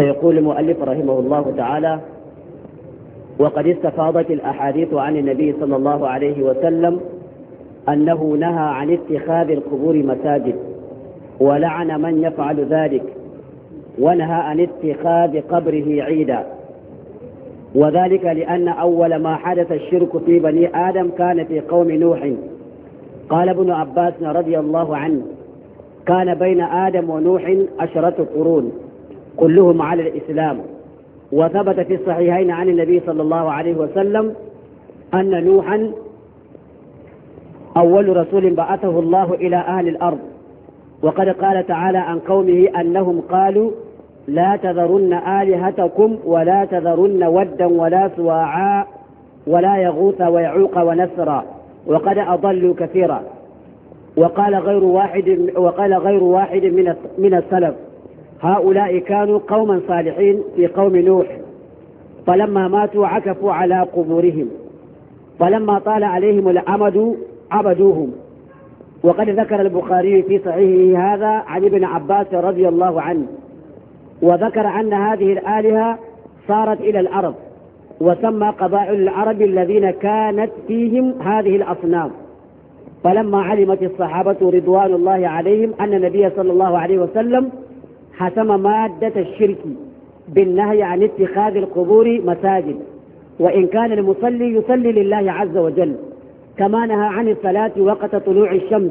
فيقول المؤلف رحمه الله تعالى وقد استفاضت الأحاديث عن النبي صلى الله عليه وسلم أنه نهى عن اتخاذ القبور مساجد ولعن من يفعل ذلك ونهى عن اتخاذ قبره عيدا وذلك لأن أول ما حدث الشرك في بني آدم كان في قوم نوح قال ابن عباس رضي الله عنه كان بين آدم ونوح عشرة قرون كلهم على الإسلام وثبت في الصحيحين عن النبي صلى الله عليه وسلم أن نوحا أول رسول بعثه الله إلى أهل الأرض وقد قال تعالى عن قومه أنهم قالوا لا تذرن آلهتكم ولا تذرن ودا ولا سواعا ولا يغوث ويعوق ونسرا وقد أضلوا كثيرا وقال غير واحد وقال غير واحد من من السلف هؤلاء كانوا قوما صالحين في قوم نوح فلما ماتوا عكفوا على قبورهم فلما طال عليهم العمد عبدوهم وقد ذكر البخاري في صحيحه هذا عن ابن عباس رضي الله عنه وذكر أن هذه الآلهة صارت إلى الأرض وسمى قبائل العرب الذين كانت فيهم هذه الأصنام فلما علمت الصحابة رضوان الله عليهم أن النبي صلى الله عليه وسلم حسم مادة الشرك بالنهي عن اتخاذ القبور مساجد وإن كان المصلي يصلي لله عز وجل كما نهى عن الصلاة وقت طلوع الشمس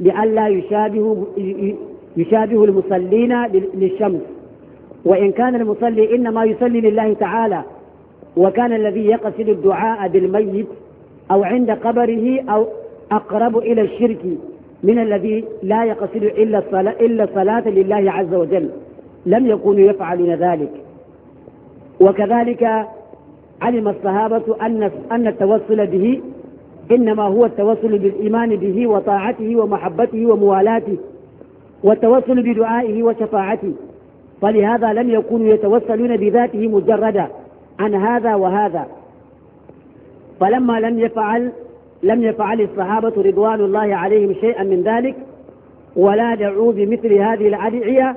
لئلا يشابه يشابه المصلين للشمس وإن كان المصلي إنما يصلي لله تعالى وكان الذي يقصد الدعاء بالميت أو عند قبره أو أقرب إلى الشرك من الذي لا يقصد إلا الصلاة, إلا الصلاة لله عز وجل لم يكونوا يفعلون ذلك وكذلك علم الصحابة أن, أن التوسل به إنما هو التوسل بالإيمان به وطاعته ومحبته وموالاته والتوسل بدعائه وشفاعته فلهذا لم يكونوا يتوسلون بذاته مجردا عن هذا وهذا فلما لم يفعل لم يفعل الصحابة رضوان الله عليهم شيئا من ذلك ولا دعوا بمثل هذه الأدعية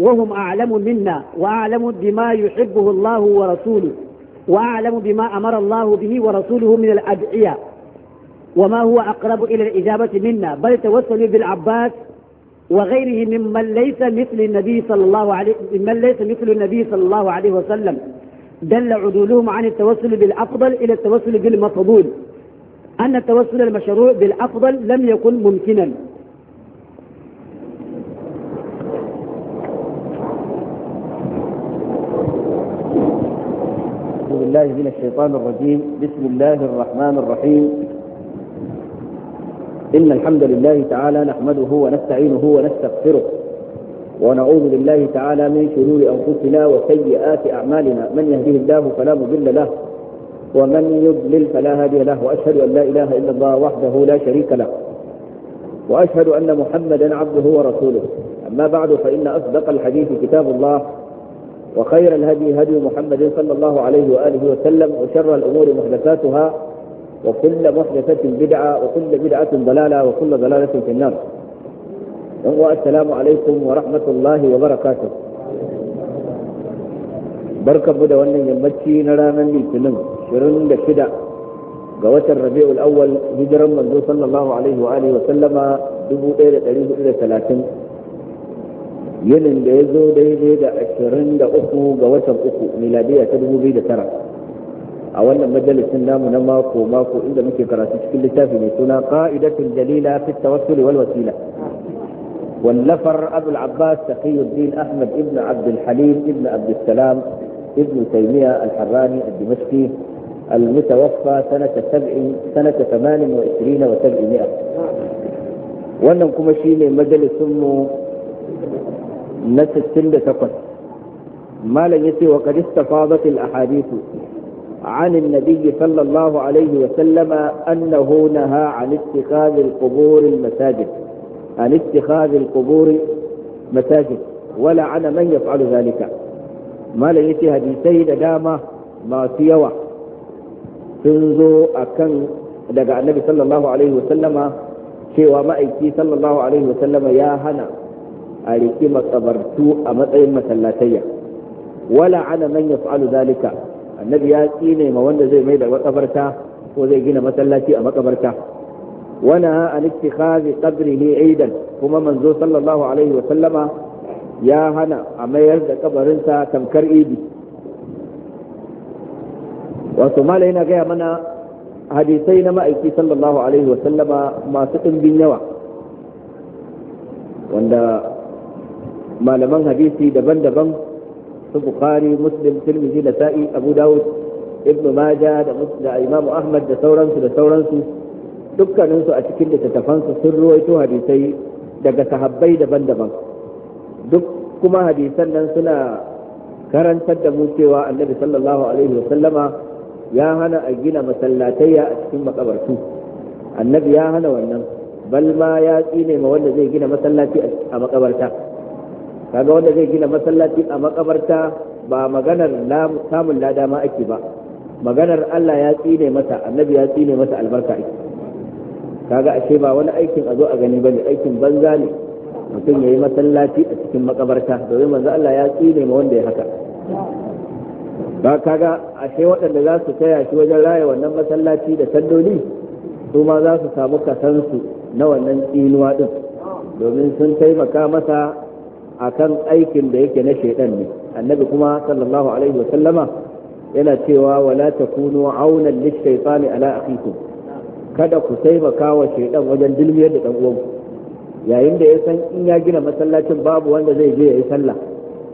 وهم أعلم منا وأعلم بما يحبه الله ورسوله وأعلم بما أمر الله به ورسوله من الأدعية وما هو أقرب إلى الإجابة منا بل توسلوا بالعباس وغيره ممن ليس مثل النبي صلى الله عليه ممن ليس مثل النبي صلى الله عليه وسلم دل عدولهم عن التوسل بالأفضل إلى التوسل بالمفضول أن التوسل المشروع بالأفضل لم يكن ممكنا الله من الشيطان الرجيم بسم الله الرحمن الرحيم إن الحمد لله تعالى نحمده ونستعينه ونستغفره ونعوذ بالله تعالى من شرور أنفسنا وسيئات أعمالنا من يهده الله فلا مضل له ومن يضلل فلا هادي له واشهد ان لا اله الا الله وحده لا شريك له واشهد ان محمدا عبده ورسوله اما بعد فان اصدق الحديث كتاب الله وخير الهدي هدي محمد صلى الله عليه واله وسلم وشر الامور محدثاتها وكل محدثه بدعه وكل بدعه ضلاله وكل ضلاله في النار. السلام عليكم ورحمه الله وبركاته. barka mu da wannan yammaci na ranar litinin عشرين لكدا قوات الربيع الأول هجرا من ذو صلى الله عليه وآله وسلم دبو إلى تريد إلى ثلاثين ينن بيزو ديدي دا عشرين دا أخو الأخو ميلادية تدبو بيدا ترى أولا مجلس النام نماكو ماكو إلا مكي قراتيش كل تافني سنا قائدة جليلة في التوسل والوسيلة والنفر أبو العباس تقي الدين أحمد ابن عبد الحليم ابن عبد السلام ابن تيمية الحراني الدمشقي المتوفى سنة سبع سنة ثمان وعشرين وسبعمائة wannan كما شيني مجلس سمو نسل 68 malam ما لن wa وقد استفاضت الأحاديث عن النبي صلى الله عليه وسلم أنه نهى عن اتخاذ القبور المساجد عن اتخاذ القبور مساجد ولعن من يفعل ذلك ما ليس هديتين داما ما سيوا sun zo akan daga annabi sallallahu alaihi wasallama cewa ma'aiki sallallahu alaihi wasallama ya hana a riƙi a matsayin masallatayya wala ana man yaf'alu zalika annabi ya tsine ma wanda zai mai da matsabarta ko zai gina masallaci a makabarta wana an ittikhadhi qabrihi aidan kuma manzo sallallahu alaihi wasallama ya hana a mayar da kabarinsa tamkar idi wato mala yana gaya mana hadisai na ma'aiki sallallahu alaihi sallama masu ɗimbin yawa wanda malaman hadisi daban-daban su bukhari muslim tirmidhi da sa'i abu dawud ibn Maja da imam ahmad da sauransu da sauransu dukkaninsu a cikin littattafansu sun ruwaito hadisai daga sahabbai daban-daban duk kuma hadisan nan suna karantar da mu cewa annabi sallallahu alaihi sallama. ya hana a gina masallatayya a cikin makabartu annabi ya hana wannan bal ma ya tsine ma wanda zai gina masallaci a makabarta kaga wanda zai gina masallaci a makabarta ba maganar samun lada ma ake ba maganar Allah ya tsine masa annabi ya tsine masa albarka ake kaga ashe ba wani aikin a zo a gani bane aikin banza ne mutum yayi masallaci a cikin makabarta domin manzo Allah ya tsine ma wanda ya haka ba kaga ashe waɗanda za su taya shi wajen raya wannan masallaci da salloli su ma za su samu kasansu na wannan tsinuwa ɗin domin sun taimaka masa akan aikin da yake na shaidan ne annabi kuma sallallahu alaihi wa sallama yana cewa wala kunu aunan lishaytani ala akhikum kada ku taimaka wa shaidan wajen dilmiyar da ɗan uwanku yayin da ya san in ya gina masallacin babu wanda zai je ya yi sallah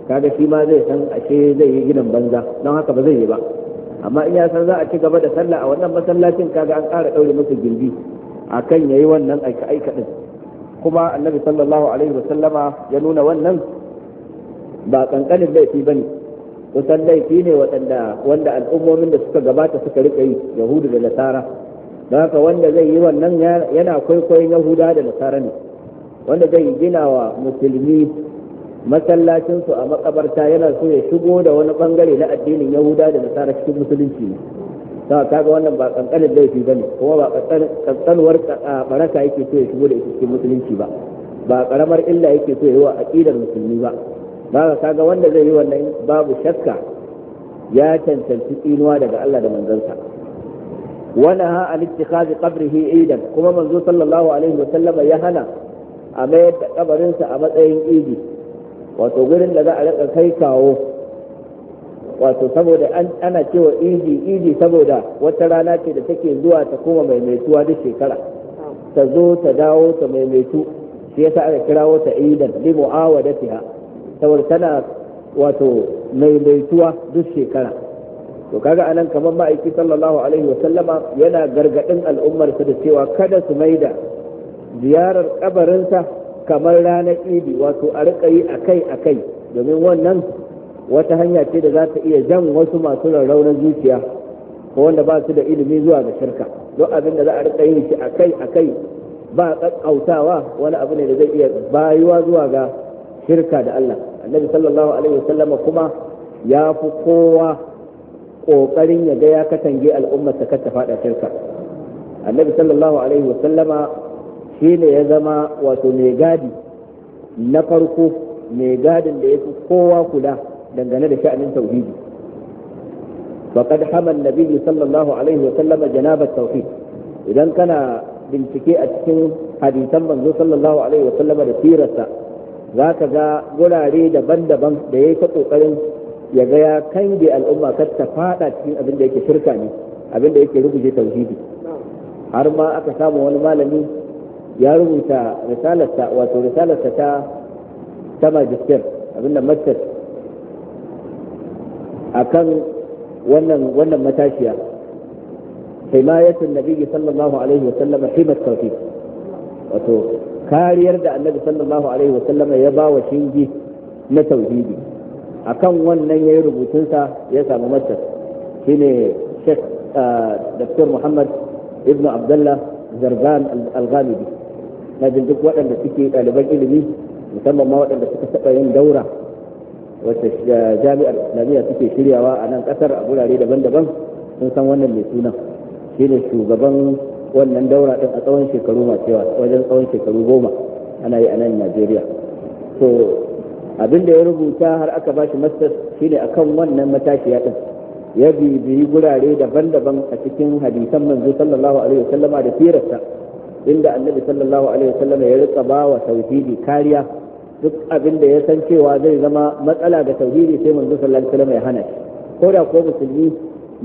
kaga shi ma zai san ashe zai yi gidan banza don haka ba zai yi ba amma in ya san za a ci gaba da sallah a wannan masallacin kaga an ƙara ɗaure masa girbi akan yayi wannan aika aika din kuma annabi sallallahu alaihi wa sallama ya nuna wannan ba kankanin laifi ne kusan laifi ne waɗanda wanda al'ummomin da suka gabata suka rika yi yahudu da nasara don haka wanda zai yi wannan yana kwaikwayon yahuda da nasara ne wanda zai gina wa musulmi masallacinsu a makabarta yana so ya shigo da wani bangare na addinin yahuda da nasara cikin musulunci ne ta kaga wannan ba kankanin laifi ba ne kuma ba kankanuwar baraka yake so ya shigo da ita cikin musulunci ba ba karamar illa yake so ya yi wa aƙidar musulmi ba ba kaga wanda zai yi wannan babu shakka ya cancanci tsinuwa daga Allah da manzansa ونهى عن اتخاذ قبره sallallahu alaihi wa صلى ya hana a mayar da kabarinsa a matsayin إيدي wato gurin da za a rika kai kawo wato saboda ana cewa idi iji saboda wata rana ce da take zuwa ta koma maimaituwa duk shekara ta zo ta dawo ta maimaitu shi yasa aka kirawo ta idan li mu'awadatiha saboda tana wato maimaituwa duk shekara to kaga anan kamar ma'aiki sallallahu alaihi wasallama yana gargadin al'ummar su da cewa kada su maida ziyarar kabarinsa kamar ranar idi wato a yi akai akai domin wannan wata hanya ce da za ta iya jan wasu masu rarraunar zuciya ko wanda ba su da ilimi zuwa ga shirka don abin da za a riƙa yin shi akai akai ba ƙaƙƙautawa wani abu ne da zai iya bayuwa zuwa ga shirka da Allah annabi sallallahu alaihi wasallam kuma ya fi kowa ƙoƙarin ya ga ya katange al'ummar ta kata ta faɗa shirka annabi sallallahu alaihi wasallama shi ya zama wato mai gadi na farko mai gadin da ya fi kowa kula dangane da sha'anin tauhidi faqad hama annabi sallallahu alaihi wa sallam janabat tauhid idan kana bincike a cikin hadisan manzo sallallahu alaihi wa sallam da sirarsa zaka ga gurare daban-daban da yayi ta kokarin ya ga ya kange al'umma kar ta fada cikin abin da yake shirka ne abin da yake rubuje tauhidi har ma aka samu wani malami ya rubuta risalarsa wato risalarsa ta ta majistir abinda master kan wannan wannan matashiya himayatun nabiyyi sallallahu alaihi wa sallam himat tawfiq wato kariyar da annabi sallallahu alaihi wa sallam ya ba wa shingi na tauhidi akan wannan yayi rubutunsa ya samu master shine Sheikh ah, Dr. Muhammad ibnu Abdullah zargan Al-Ghamidi na jin duk waɗanda suke ɗaliban ilimi musamman ma waɗanda suka saba yin daura wacce eh, jami'ar islamiyya suke shiryawa a nan ƙasar a gurare daban-daban sun san wannan mai sunan shine shugaban wannan daura ɗin a tsawon shekaru masu yawa wajen tsawon shekaru goma ana yi a nan najeriya to abin da ya rubuta har aka ba shi masters shine akan wannan matashiya din ya bibiyi gurare daban-daban a cikin hadisan manzo sallallahu alaihi wasallama da sirarsa inda annabi sallallahu alaihi wasallam ya rika ba wa tauhidi kariya duk abin da ya san cewa zai zama matsala ga tauhidi sai manzo sallallahu alaihi wasallam ya hana ko da ko musulmi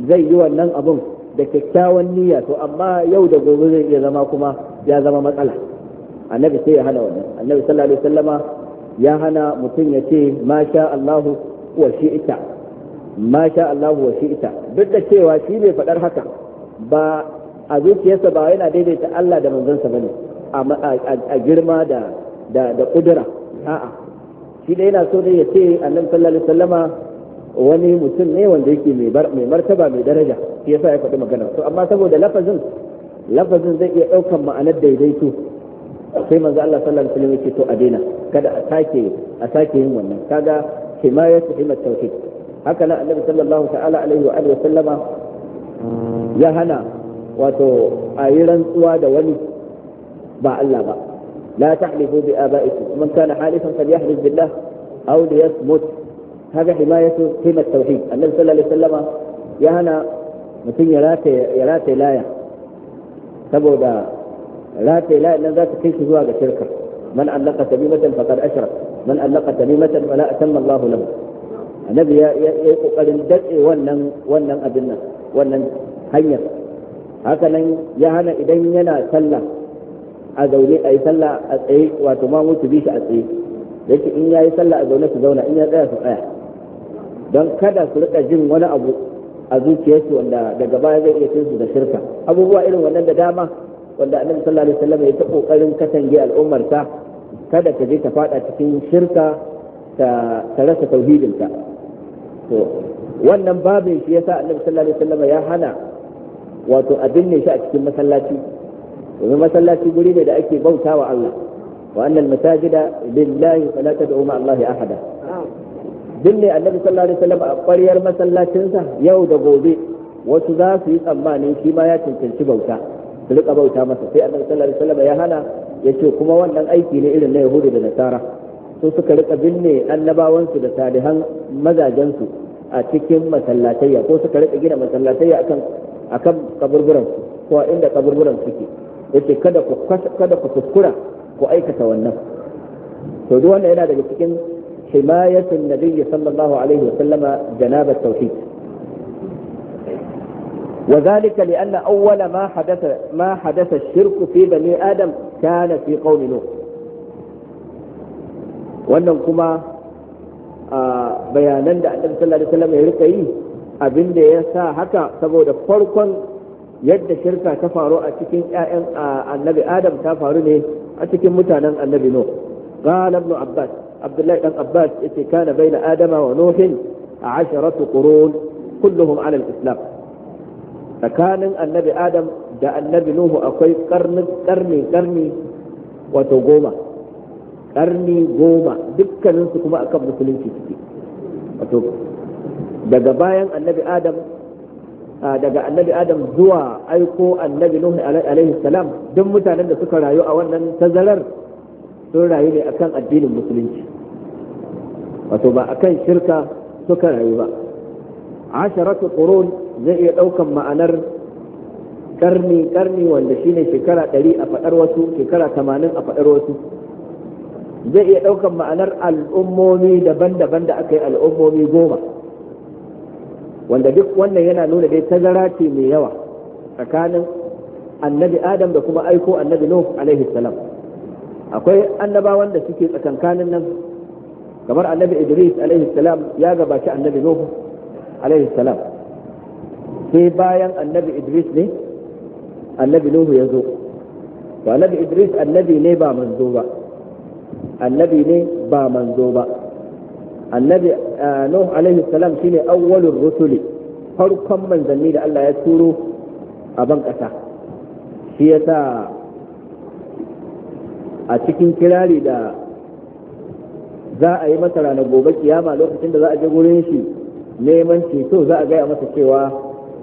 zai yi wannan abun da kyakkyawan niyya to amma yau da gobe zai iya zama kuma ya zama matsala annabi sai ya hana wannan annabi sallallahu alaihi wasallama ya hana mutum ya ce ma sha Allah wa ita ma sha Allah wa ita duk da cewa shi ne faɗar haka ba a zuciyarsa ba yana daidaita Allah da manzansa bane a girma da da da kudura a'a shi da yana so ne ya ce annabi sallallahu alaihi wasallama wani mutum ne wanda yake mai martaba mai daraja shi yasa ya faɗi magana to amma saboda lafazin lafazin zai iya ɗaukan ma'anar daidaito sai manzo Allah sallallahu alaihi wasallam ce to a daina kada a sake a sake yin wannan kaga himayatu himat tauhid haka nan annabi sallallahu ta'ala alaihi wa alihi wasallama ya hana wato a yi rantsuwa da wani ba Allah ba la tahlifu bi abaikum man kana halifan falyahlif billah aw liyasmut hada himayatu qimat tauhid annabi sallallahu alaihi wasallama ya hana mutum ya rataye ya rataye laya saboda rataye laya nan za ta kai shi zuwa ga shirka man allaka tamimatan faqad ashrak man allaka tamimatan fala atamma Allahu lahu annabi ya yi kokarin datse wannan wannan abin nan wannan hanyar haka nan ya hana idan yana sallah a zaune a yi sallah a tsaye wato ma mutu bi shi a tsaye yake in ya yi sallah a zaune su zauna in ya tsaya su tsaya don kada su rika jin wani abu a zuciyarsu wanda daga baya zai iya cin su da shirka abubuwa irin wannan da dama wanda annabi sallallahu alaihi wasallam ya ta kokarin katange ta kada ta je ta fada cikin shirka ta rasa tauhidinta to wannan babin shi yasa annabi sallallahu alaihi wasallam ya hana wato a binne shi a cikin masallaci domin masallaci guri ne da ake bauta wa Allah wa annal masajida lillahi fala tad'u ma Allah ahada binne annabi sallallahu alaihi wasallam a ƙwaryar masallacinsa yau da gobe wasu za su yi tsammani shi ma ya cancanci bauta su rika bauta masa sai annabi sallallahu alaihi wasallam ya hana ya ce kuma wannan aiki ne irin na yahudu da nasara su suka rika binne annabawansu da salihan mazajensu a cikin masallatayya ko suka rika gina masallatayya akan akan kaburburan su ko inda kaburburan suke yace kada ku kada ku kuskura ku aikata wannan to duk wannan yana daga cikin himayatun nabiyyi sallallahu alaihi wa sallama janabat tauhid وذلك لأن أول ما حدث ما حدث الشرك في بني آدم كان في قوم نوح wannan kuma a ah, bayanan da annabi sallallahu alaihi wasallam ya rika abin da ya sa haka saboda farkon yadda shirka ta faru a cikin 'ya'yan annabi adam ta faru ne a cikin mutanen annabi nuh qala ibn abbas abdullahi dan abbas yace kana baina adama wa nuhin asharatu qurun kulluhum ala al-islam tsakanin annabi adam da annabi nuhu akwai karni karni wato goma karni goma dukkaninsu kuma akan musulunci suke daga bayan annabi adam daga annabi adam zuwa aiko annabi nuhu alaihi salam duk mutanen da suka rayu a wannan tazarar sun rayu ne akan addinin musulunci wato ba akan shirka suka rayu ba asharatu qurun zai iya daukan ma'anar karni karni wanda shine shekara 100 a fadar wasu shekara 80 a fadar wasu zai iya daukan ma'anar al'ummomi daban-daban da aka yi al'ummomi goma wanda duk wannan yana nuna dai tazara ce mai yawa tsakanin annabi adam da kuma aiko annabi nuh alaihi salam akwai annabawan da suke tsakankanin nan kamar annabi idris alaihi salam ya gabaci annabi nuh alaihi salam sai bayan annabi idris ne annabi nuhu ya zo to annabi idris annabi ne ba manzo ba annabi ne ba manzo ba annabi ah, nuh alaihi salam shine awwalur rusuli farkon manzanni da Allah ya turo a ban kasa shi yasa a cikin kirari da za a yi masa ranar gobe kiyama lokacin da za a je gurin shi neman ceto za a gaya masa cewa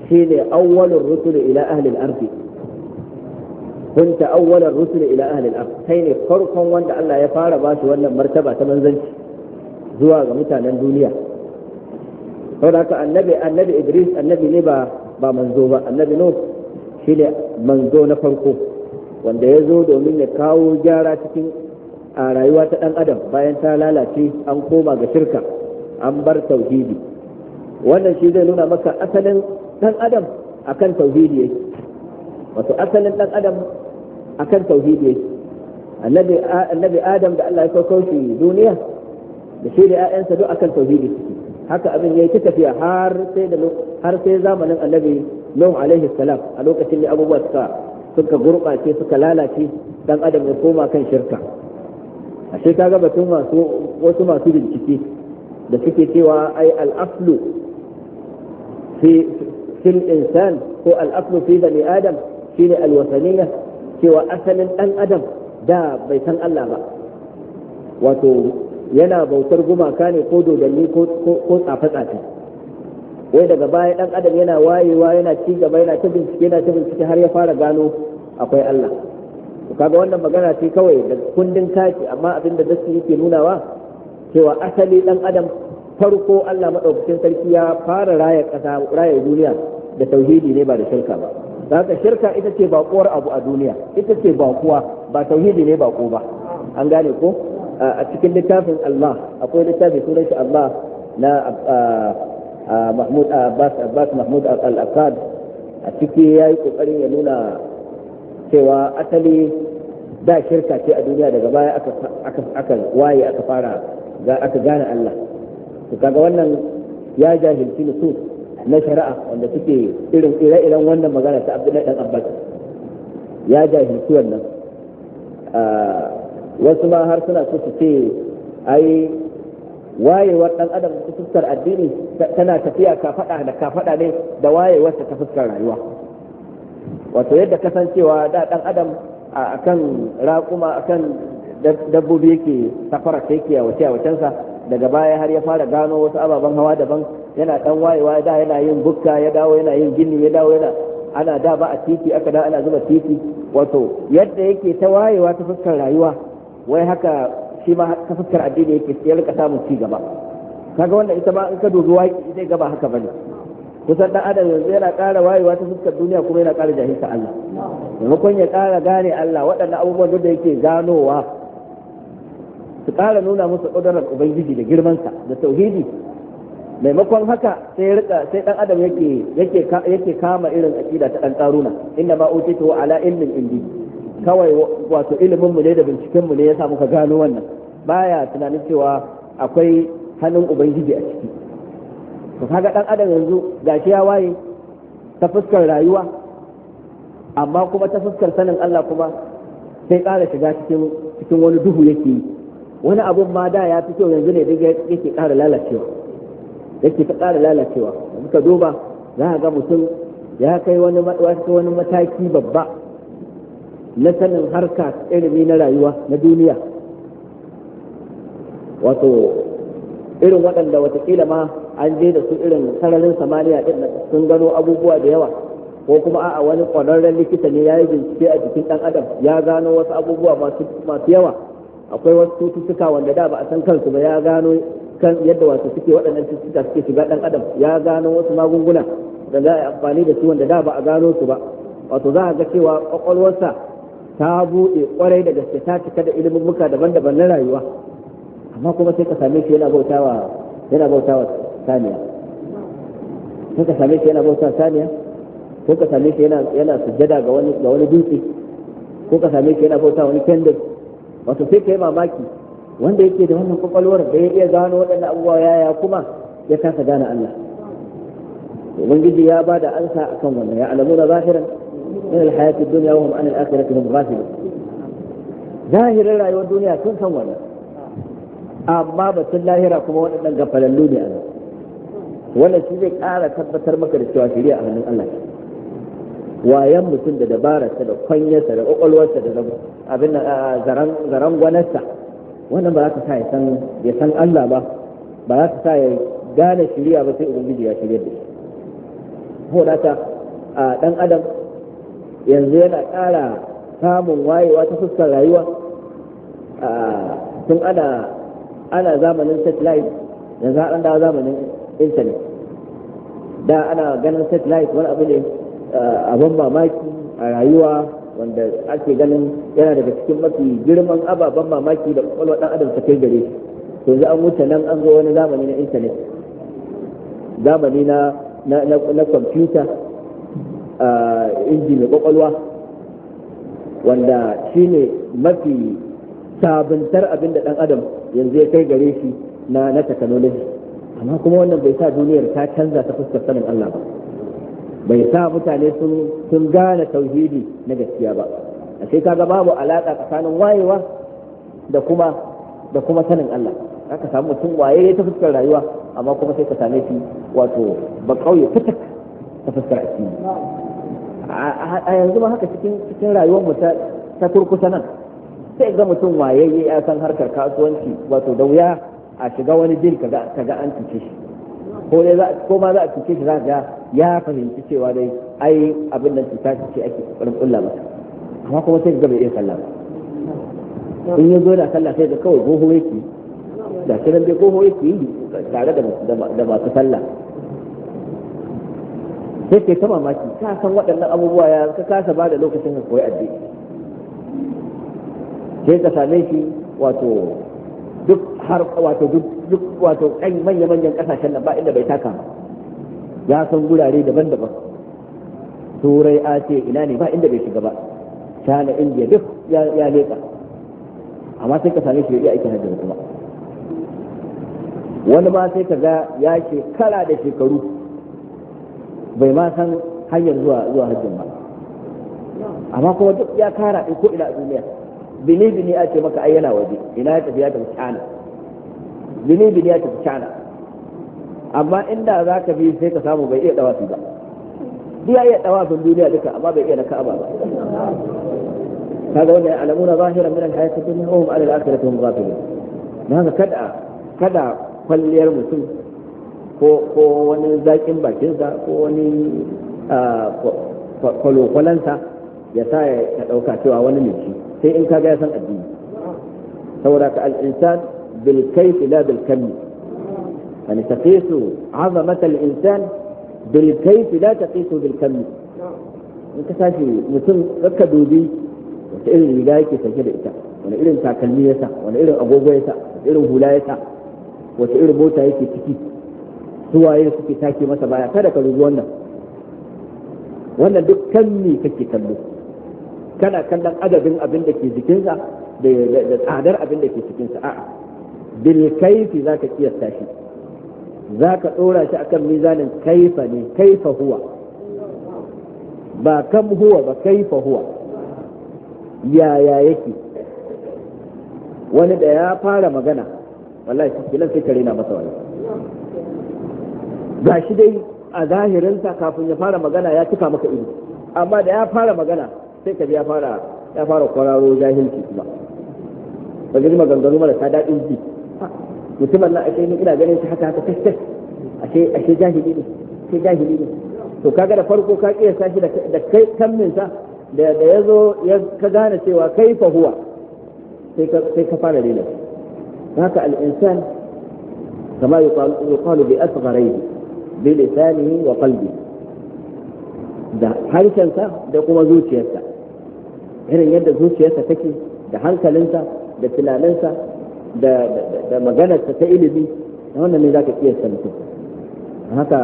shi ne awwalin rusuli ila ahlil ardi kunta awwalar rusuli ila ahlil ardi kai ne farkon wanda Allah ya fara ba shi wannan martaba ta manzanci zuwa ga mutanen duniya saboda haka annabi annabi idris annabi ne ba ba manzo ba annabi shi ne manzo na farko wanda ya zo domin ya kawo gyara cikin a rayuwa ta ɗan adam bayan ta lalace an koma ga shirka an bar tauhidi wannan shi zai nuna maka asalin ɗan adam akan tauhidi yake wato asalin ɗan adam akan tauhidi yake annabi adam da Allah ya kawo shi duniya da shi da ƴaƴansa duk akan tauhidi suke haka abin yayi ta tafiya har sai da har sai zamanin annabi nuh alaihi salam a lokacin da abubuwa suka suka gurbace suka lalace dan adam ya koma kan shirka ashe kaga batun masu wasu masu bincike da suke cewa ai al-aslu fi fil insan ko al-aslu fi bani adam shine al-wasaniyya cewa asalin dan adam da bai san Allah ba wato yana bautar gumaka ne ko dodanni ko tsafe-tsafe wai daga baya dan adam yana wayewa yana ci gaba yana ta bincike yana ta bincike har ya fara gano akwai Allah kaga wannan magana ce kawai da kundin kaki amma abin da dasu yake nunawa cewa asali dan adam farko Allah madaukakin sarki ya fara raya kasa raya duniya da tauhidi ne ba da shirka ba haka shirka ita ce bakuwar abu a duniya ita ce bakuwa ba tauhidi ne bako ba an gane ko a cikin littafin Allah akwai littafin sunan shi Allah na Mahmud Abbas Abbas Mahmud Al-Aqad a ciki yayi kokarin ya nuna cewa asali da shirka ce a duniya daga baya aka aka waye aka fara aka gane Allah to kaga wannan ya jahilci nusus na shari'a wanda suke irin ire-iren wannan magana ta Abdullahi dan Abbas ya jahilci wannan wasu ma har suna so su ce ai wayewar dan adam ta fuskar addini tana tafiya kafada da kafada ne da wayewar ta fuskar rayuwa wato yadda kasancewa da dan adam akan raƙuma akan dabbobi yake safara ta yake yawace sa daga baya har ya fara gano wasu ababen hawa daban yana dan wayewa da yana yin bukka ya dawo yana yin gini ya dawo yana ana da ba a titi aka da ana zuba titi wato yadda yake ta wayewa ta fuskar rayuwa wai haka shi ma ta addini yake ya rika samun ci gaba kaga wanda ita ma in ka dubi wai zai gaba haka bane kusan dan adam yanzu yana ƙara wayewa ta fuskar duniya kuma yana ƙara jahilta Allah maimakon ya ƙara gane Allah waɗannan abubuwan da yake ganowa su ƙara nuna musu ƙudurar ubangiji da girmansa da tauhidi maimakon haka sai rika sai dan adam yake yake yake kama irin aqida ta dan karuna inna ma utitu ala ilmin indi kawai wato ilimin mu ne da binciken mu ne ya sa muka gano wannan baya tunanin cewa akwai hannun ubangiji a ciki to kaga dan adam yanzu gashi ya waye ta fuskar rayuwa amma kuma ta fuskar sanin Allah kuma sai ƙara shiga cikin cikin wani duhu yake yi wani abun ma da ya fi kyau yanzu ne duk yake ƙara lalacewa yake ta ƙara lalacewa muka duba za ka ga mutum ya kai wani mataki babba na sanin harka ilimi na rayuwa na duniya wato irin waɗanda watakila ma an je da su irin sararin samaniya ɗin sun gano abubuwa da yawa ko kuma a'a wani ƙwararren likita ne ya yi bincike a jikin ɗan adam ya gano wasu abubuwa masu yawa akwai wasu cututtuka wanda da ba a san kansu ba ya gano kan yadda wasu suke waɗannan cututtuka suke shiga ɗan adam ya gano wasu magunguna da za a yi amfani da su wanda da ba a gano su ba wato za a ga cewa ƙwaƙwalwarsa ta buɗe kwarai da gaske ta cika da ilimin muka daban-daban na rayuwa amma kuma sai ka same shi yana bautawa yana bautawa saniya sai ka same shi yana bautawa saniya ko ka same shi yana yana sujjada ga wani ga wani dutse ko ka same shi yana bautawa wani kendir wato sai ka yi mamaki wanda yake da wannan kwakwalwar da ya iya gano waɗannan abubuwa yaya kuma ya kasa gane Allah ubangiji ya ba da ansa akan wannan ya alamuna zahiran من الحياة الدنيا وهم عن الآخرة هم غافلون ظاهر الرأي الدنيا كن سوانا أما بس اللاهرة كما وانا غفللوني أنا wannan shi zai ƙara tabbatar maka da cewa shari'a a hannun Allah ce wayan mutum da dabararsa da kwanyarsa da ƙwaƙwalwarsa da abin zaren gwanarsa wannan ba za ka sa ya san ya Allah ba ba za ka sa ya gane shari'a ba sai ubangiji ya shirya da shi ko da ta dan adam yanzu yana ƙara samun wayewa ta fuskar rayuwa tun ana ana zamanin satellite yanzu ɗan dawo zamanin intanet da ana ganin satellite wani abu ne abin mamaki a rayuwa wanda ake ganin yana daga cikin mafi girman ababen mamaki da kwakwalwa ɗan adam ta kai gare yanzu an wuce nan an zo wani zamani na intanet zamani na na kwamfuta inji mai kwakwalwa wanda shi ne mafi sabuntar abin da ɗan adam yanzu ya kai gare shi na na technology amma kuma wannan bai sa duniyar ta canza ta fuskar sanin Allah ba bai sa mutane sun sun gane tauhidi na gaskiya ba a sai kaga babu alaka tsakanin wayewa da kuma da kuma sanin Allah aka samu mutum waye ta fuskar rayuwa amma kuma sai ka same shi wato ba kauye fitak ta fuskar addini a yanzu ma haka cikin rayuwar mu ta kurkusa nan sai ga mutum waye ya san harkar kasuwanci wato da wuya a shiga wani jin ka ga an cuce shi ko dai za ko ma za a cuce shi za ga ya fahimci cewa dai ai abin nan cuta ce ake kokarin kulla ba amma kuma sai ga bai iya sallah ba in ya zo da sallah sai ga kawai goho yake da shi nan dai goho yake yi tare da masu sallah sai ke ta mamaki ka san waɗannan abubuwa ya ka kasa ba da lokacin ka koyi addini sai ka same shi wato duk har wato duk wato kan manya manyan kasashen nan ba inda bai taka ya san gurare daban-daban turai a ce ina ne ba inda bai shiga ba shana indiya duk ya leka amma sai ka same shi bai aikin hajji kuma wani ma sai ka ga ya shekara da shekaru bai ma san hanyar zuwa zuwa hajjin ba amma kuma duk ya kara ko ina a duniya bini bini a ce maka yana waje ina ya tafi ya tafi cana bini bini ya tafi cana amma inda za ka bi sai ka samu bai iya su ba duk ya iya su duniya duka amma bai iya na ka'aba ba kaga wannan alamuna zahiran min al minan ad-dunya wa hum 'ala al-akhirati hum ghafilun dan kada kada kwalliyar mutum ko wani zaƙin bakinsa ko wani kwalokwalansa ya sa ya ɗauka cewa wani ne sai in kaga ya san addini saboda ka bil bilkaifi la bil bilkalli yani taqisu azamata bil bilkaifi la taqisu bil bilkalli in ka sashi mutum ka dubi wata irin riga yake sake da ita wani irin takalmi yasa wani irin agogo yasa wani irin hula yasa wata irin mota yake ciki su waye da suke take masa baya kada ka rubu wannan wannan duk kalli kake kallo kana kallon adadin abin da ke jikinsa da tsadar abin da ke cikinsa a'a bil kaifi zaka kiyasta shi zaka dora shi akan mizanin kaifa ne kaifa huwa ba kam huwa ba kaifa huwa yaya yake wani da ya fara magana wallahi shi kilan sai kare na masa wani ga shi dai a zahirinsa kafin ya fara magana ya cika maka ido, amma da ya fara magana sai ka ya fara ya fara kwararo jahilci kuma ba zai maganganu ta daɗin ji mutumin nan ashe ni ina ganin shi haka haka tas ashe ashe jahili ne ashe jahili ne to kaga da farko ka kiyasa shi da kai kammin sa da da yazo ka gane cewa kai fa huwa sai ka sai ka fara rena haka al-insan kama yuqalu bi asgharihi bilisanihi wa qalbi da hankalinsa da kuma zuciyarsa irin yadda zuciyarsa take da hankalinsa da tunaninsa da maganarsa ta ilimi da wannan ne za ka iya mutum haka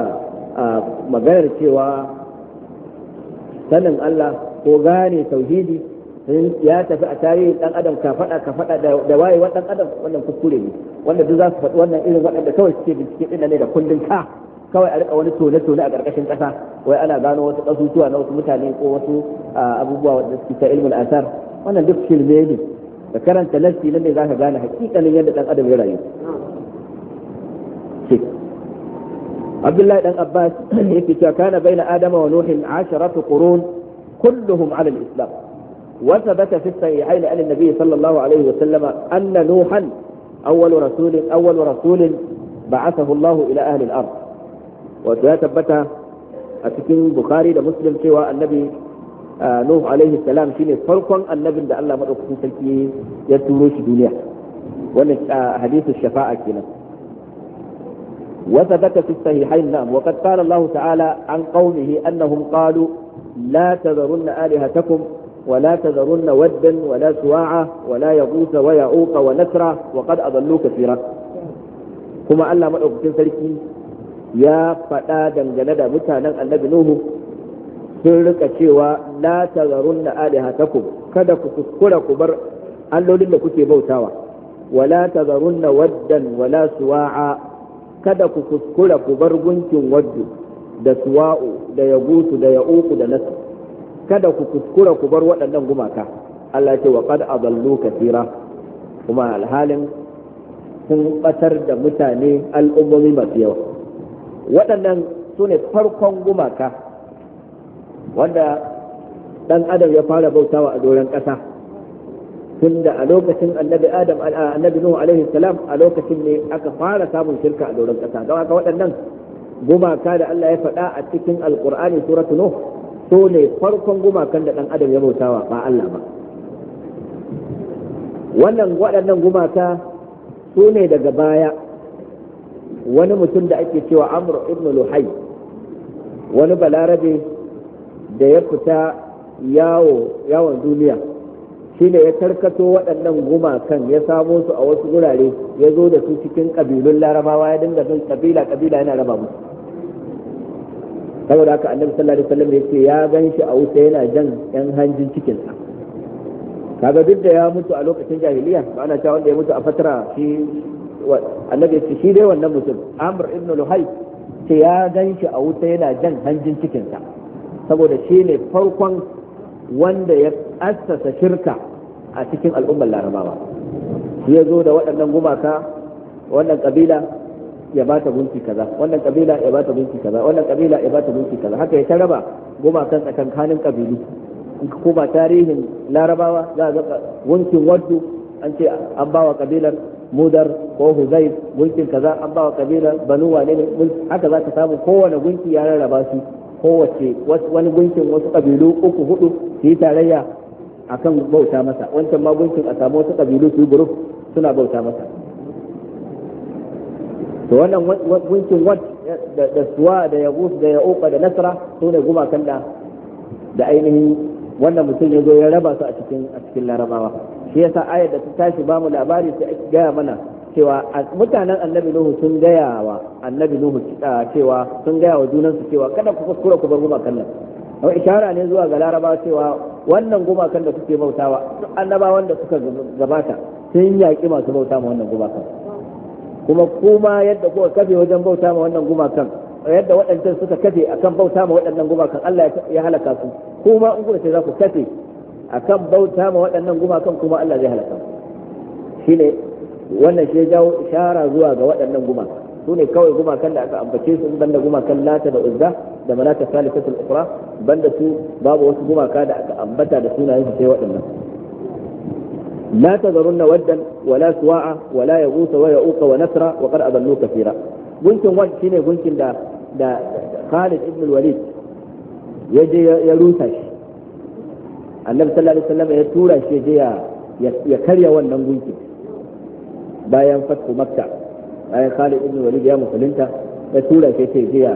a maganar cewa sanin Allah ko gane tauhidi ya tafi a tarihin dan adam ka fada ka fada da wayewar dan adam wannan kuskure ne wanda duk za su faɗi wannan irin waɗanda kawai suke bincike ɗin ne da kundin ka kawai a rika wani tole-tole a ƙarƙashin ƙasa wai ana gano wasu ƙasusuwa na wasu mutane ko wasu abubuwa wanda suke ta ilmul asar wannan duk shirme ne da karanta lafi nan ne za ka gane hakikanin yadda ɗan adam ya rayu abdullahi dan abbas yake cewa kana baina adama wa nuhin asharatu qurun kulluhum ala al-islam wa thabata fi sahihayn an an-nabi sallallahu alaihi wa sallama anna nuhan awwal rasul awwal rasul ba'athahu Allah ila ahli al-ard wato ya tabbata a cikin bukari da muslim cewa annabi nuhu alaihi salam shine farkon annabin da allah maɗaukakin sarki ya turo shi duniya wannan hadisi shafa'a kenan wasa daga fi sahihain nan wa qad qala allah ta'ala an qaumihi annahum qalu la tadharunna alihatakum wa la tadharunna waddan wa la suwa'a wa la yaghus wa ya'uq wa nasra wa qad adallu katiran kuma allah maɗaukakin sarki ya faɗa dangane da mutanen annabi nuhu sun rika cewa la tazarunna alihatakum kada ku kuskura ku bar allolin da kuke bautawa wala na waddan wala suwa'a kada ku kuskura ku bar gunkin waddu da suwa'u da ya gutu da ya uku da nasu kada ku kuskura ku bar waɗannan gumaka Allah ce wa qad adallu kathira kuma alhalin sun batar da mutane al'ummomi masu yawa waɗannan su ne farkon gumaka wanda ɗan adam ya fara bautawa a doron ƙasa tun da a lokacin annabi adam annabi nuhu alaihi salam a lokacin ne aka fara samun shirka a doron ƙasa don haka waɗannan gumaka da Allah ya faɗa a cikin alƙur'ani suratu nuh su ne farkon gumakan da ɗan adam ya bautawa ba Allah ba wannan waɗannan gumaka su ne daga baya wani mutum da ake cewa Amur ibn luhai wani balarabe da ya fita yawon duniya shi ne ya tarkato waɗannan gumakan ya samo su a wasu wurare ya zo da su cikin ƙabilun larabawa ya dinga bin ƙabila ƙabila yana raba musu saboda haka annabi sallallahu alaihi wasallam yake ya gan shi a wuta yana jan yan hanjin cikinsa kaga duk da ya mutu a lokacin jahiliya ba ana cewa wanda ya mutu a fatara shi annabi ce shi dai wannan mutum amr ibn luhai ce ya gan shi a wuta yana jan hanjin cikinsa saboda shi ne farkon wanda ya assasa shirka a cikin al'ummar larabawa ya zo da waɗannan gumaka wannan kabila ya ba ta gunki kaza wannan kabila ya ba ta gunki kaza wannan kabila ya ba ta gunki kaza haka ya taraba gumakan tsakankanin kabilu in ba tarihin larabawa za a ga gunkin waddu an ce an bawa kabilar mudar ko huzai gunkin kaza an bawa kabilar banu wane ne haka za ka samu kowane gunki ya rarraba su kowace wani gunkin wasu kabilu uku hudu su yi tarayya akan bauta masa wancan ma gunkin a samu wasu kabilu su guruf suna bauta masa to wannan gunkin wat da suwa da yagus da yauka da nasra su ne gumakan da da ainihin wannan mutum ya zo ya raba su a cikin a cikin larabawa shi yasa ayar da ta tashi ba mu labari sai ake gaya mana cewa mutanen annabi nuhu sun gaya wa annabi nuhu cewa sun gaya wa junansu cewa kada ku kuskura ku bar gumakan nan a ishara ne zuwa ga laraba cewa wannan gumakan da kuke bautawa duk annabawan da suka gabata sun yaƙi masu bauta ma wannan gumakan kuma kuma yadda kuka kafe wajen bauta ma wannan gumakan yadda waɗancan suka kafe akan bauta ma waɗannan gumakan Allah ya halaka su kuma in kuka ce za ku kafe akan bauta ma waɗannan gumakan kuma Allah zai halaka shine wannan shi jawo ishara zuwa ga waɗannan gumaka su ne kawai gumakan da aka ambace su in banda gumakan lata da uzza da manata salisatul ukra banda su babu wasu gumaka da aka ambata da sunayen su sai waɗannan la tazarunna waddan wala suwa'a wala yaghutha wa ya'uqa wa nasra wa qad adallu kathira gunkin wad shine gunkin da da Khalid ibn al-Walid ya je ya rusa shi annabi sallallahu alaihi wasallam ya tura shi je ya karya wannan gunki bayan fatu makka bayan khalid ibn walid ya musulunta ya tura shi ce je ya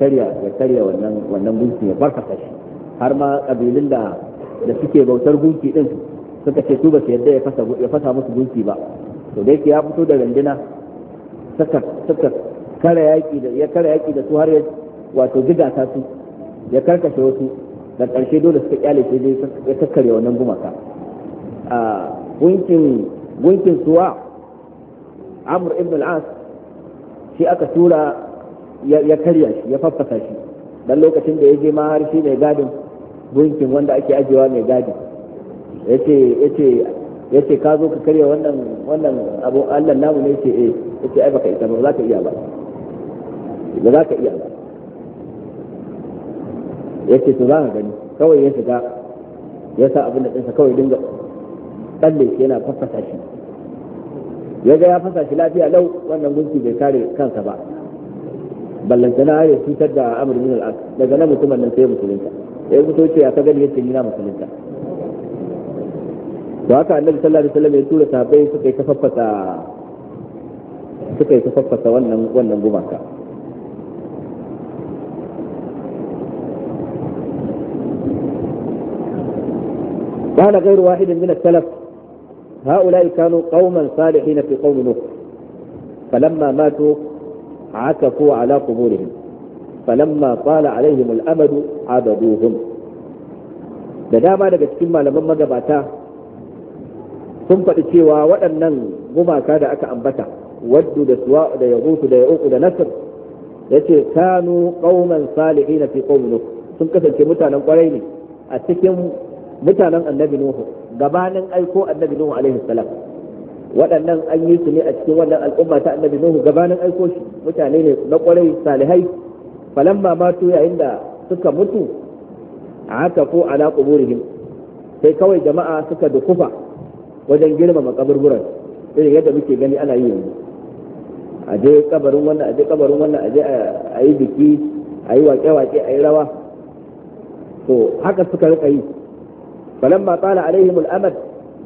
karya ya karya wannan wannan gunki ya barka shi har ma kabilun da da suke bautar gunki din suka ce su ba su yadda ya fasa ya fasa musu gunki ba to dai ya fito da randuna suka suka kare yaki da ya kare yaki da su har ya wato gidata su ya karkashe wasu da ƙarshe dole suka kyale shi dai ya kakkare wannan gumaka a gunkin gunkin suwa amur ibn al-as shi aka tura ya karya shi ya faffasa shi dan lokacin da ya je ma har shi mai gadin gunkin wanda ake ajewa mai gadin yace yace yace ka zo ka karya wannan wannan abu Allah namu ne yace eh yace ai baka ita ba za ka iya ba ba za ka iya ba yake to za ka gani kawai ya shiga ya sa abin da ɗinsa kawai dinga tsalle shi yana faffasa shi ya ga ya fasa shi lafiya lau wannan gunki bai kare kansa ba na ya cutar da amurin yin al'ad daga nan mutumin nan sai musulunta ya fito ce ya ta gani yake nuna na musulunta to haka annabi sallallahu alaihi wasallam ya tura sahabbai suka yi ta fafasa suka yi ta faffasa wannan wannan gumaka قال غير واحد من السلف هؤلاء كانوا قوما صالحين في قوم نوح فلما ماتوا عكفوا على قبورهم فلما طال عليهم الأمد عبدوهم da dama daga cikin malaman magabata sun faɗi cewa waɗannan gumaka da aka ambata waddu da suwa da yagutu da yauku da nasr yace kanu qauman na fi qaumihim sun kasance mutanen ƙwarai ne a cikin mutanen annabi nuhu gabanin aiko annabi nuhu alaihi salam waɗannan an yi su ne a cikin wannan al'umma ta annabi nuhu gabanin aiko shi mutane ne na ƙwarai salihai falamma matu yayin da suka mutu haka ko ala kuburihim sai kawai jama'a suka dukufa wajen girmama kaburburan irin yadda muke gani ana yi yanzu a je kabarin wannan a je kabarin wannan a je a yi biki a yi wake-wake a yi rawa to haka suka rika yi falamma tsala alaihim al'amad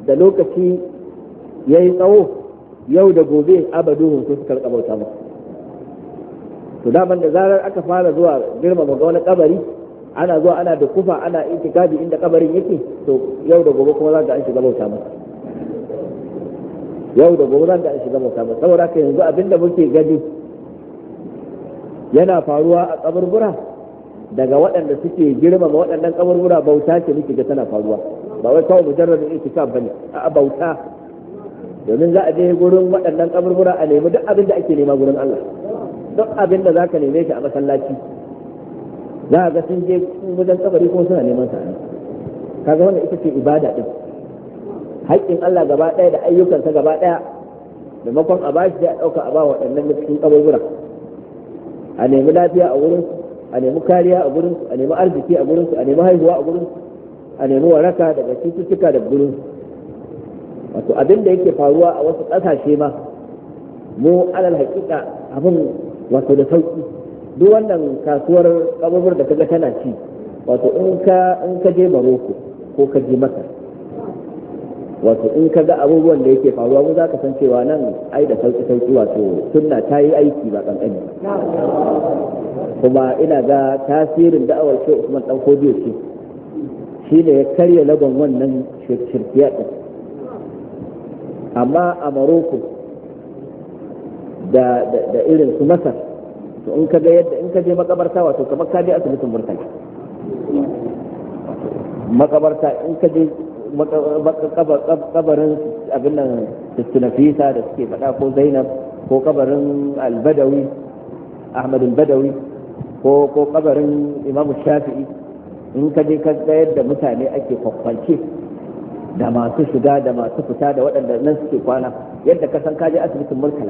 da lokaci yayi tsawo yau da gobe abaduhum sai suka rika bauta musu to daman da zarar aka fara zuwa girmama ga wani kabari ana zuwa ana da kufa ana itikafi inda kabarin yake to yau da gobe kuma za ka an shiga bauta masa yau da gobe za ka an shiga bauta masa saboda haka yanzu abinda muke gaji yana faruwa a kaburbura daga waɗanda suke girmama waɗannan kaburbura bauta ce muke ga tana faruwa ba wai kawai ita itikaf bane a bauta domin za a je gurin waɗannan kaburbura a nemi duk abin da ake nema gurin Allah duk abin da zaka neme shi a masallaci za ka ga sun je wajen kabari kuma suna neman sa kaga wannan ita ce ibada din haƙƙin Allah gaba ɗaya da ayyukansa gaba ɗaya maimakon a bashi sai a ɗauka a ba waɗannan cikin kaburbura a nemi lafiya a wurin a nemi kariya a gurin a nemi arziki a gurin a nemi haihuwa a gurin a nemi waraka daga cututtuka da gurin wato abin da yake faruwa a wasu ƙasashe ma mu alal hakika abin wato da sauƙi duk wannan kasuwar kabubur da kaga tana ci wato in ka in ka je Maroko ko ka je Masar wato in ka ga abubuwan da yake faruwa mu za ka san cewa nan ai da sauki sauki wato sunna ta yi aiki ba kankani kuma ina ga tasirin da'awar ce Usman dan Kodiyo ce shi ne ya karya lagon wannan shirkiya din amma a maroko da da irin su Masar to in ka ga yadda in ka je makabarta wato kamar ka je asibitin murtala makabarta in ka je kabarin abin nan Nafisa da suke faɗa ko Zainab ko kabarin Al-Badawi Ahmad Al-Badawi ko ko kabarin imamu shafi'i in ka je ka tsayar da mutane ake kwakwalce da masu shiga da masu fita da waɗanda nan suke kwana yadda ka san kaje asibitin murtala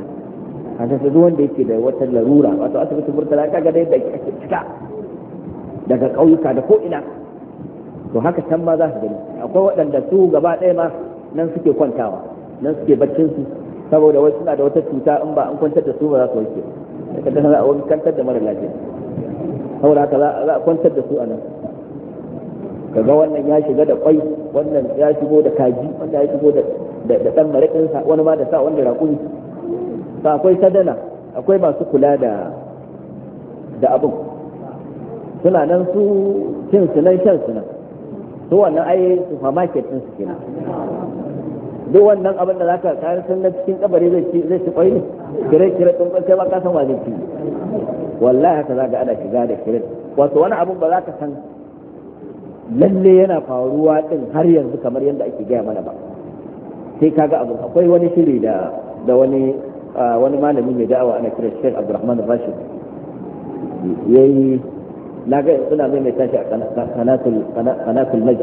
a ta duk wanda yake da wata larura wato asibitin murtala ka ga yadda ake cika daga ƙauyuka da ko ina to haka can ma za su gani akwai waɗanda su gaba ɗaya ma nan suke kwantawa nan suke baccin su saboda wasu suna da wata cuta in ba an kwantar da su ba za su warke kada kaga za a wani kantar da mara lafiya saboda haka za a kwantar da su a nan kaga wannan ya shiga da kwai wannan ya shigo da kaji wannan ya shigo da da dan marakin sa wani ma da sa wanda rakuni ba akwai sadana akwai masu kula da da abin suna nan su cin su nan shan su nan to wannan ai supermarket din su kenan duk wannan abin da zaka kayan sun na cikin kabari zai zai ci kwai ne kire kire tun ba sai ba ka san wani ki wallahi haka zaka ana shiga da kire wato wani abu ba za ka san lalle yana faruwa din har yanzu kamar yadda ake gaya mana ba sai kaga abu akwai wani shiri da da wani wani malami mai da'awa ana kira Sheikh Abdulrahman Rashid yayi na ga suna mai tashi a kanatul kanatul majd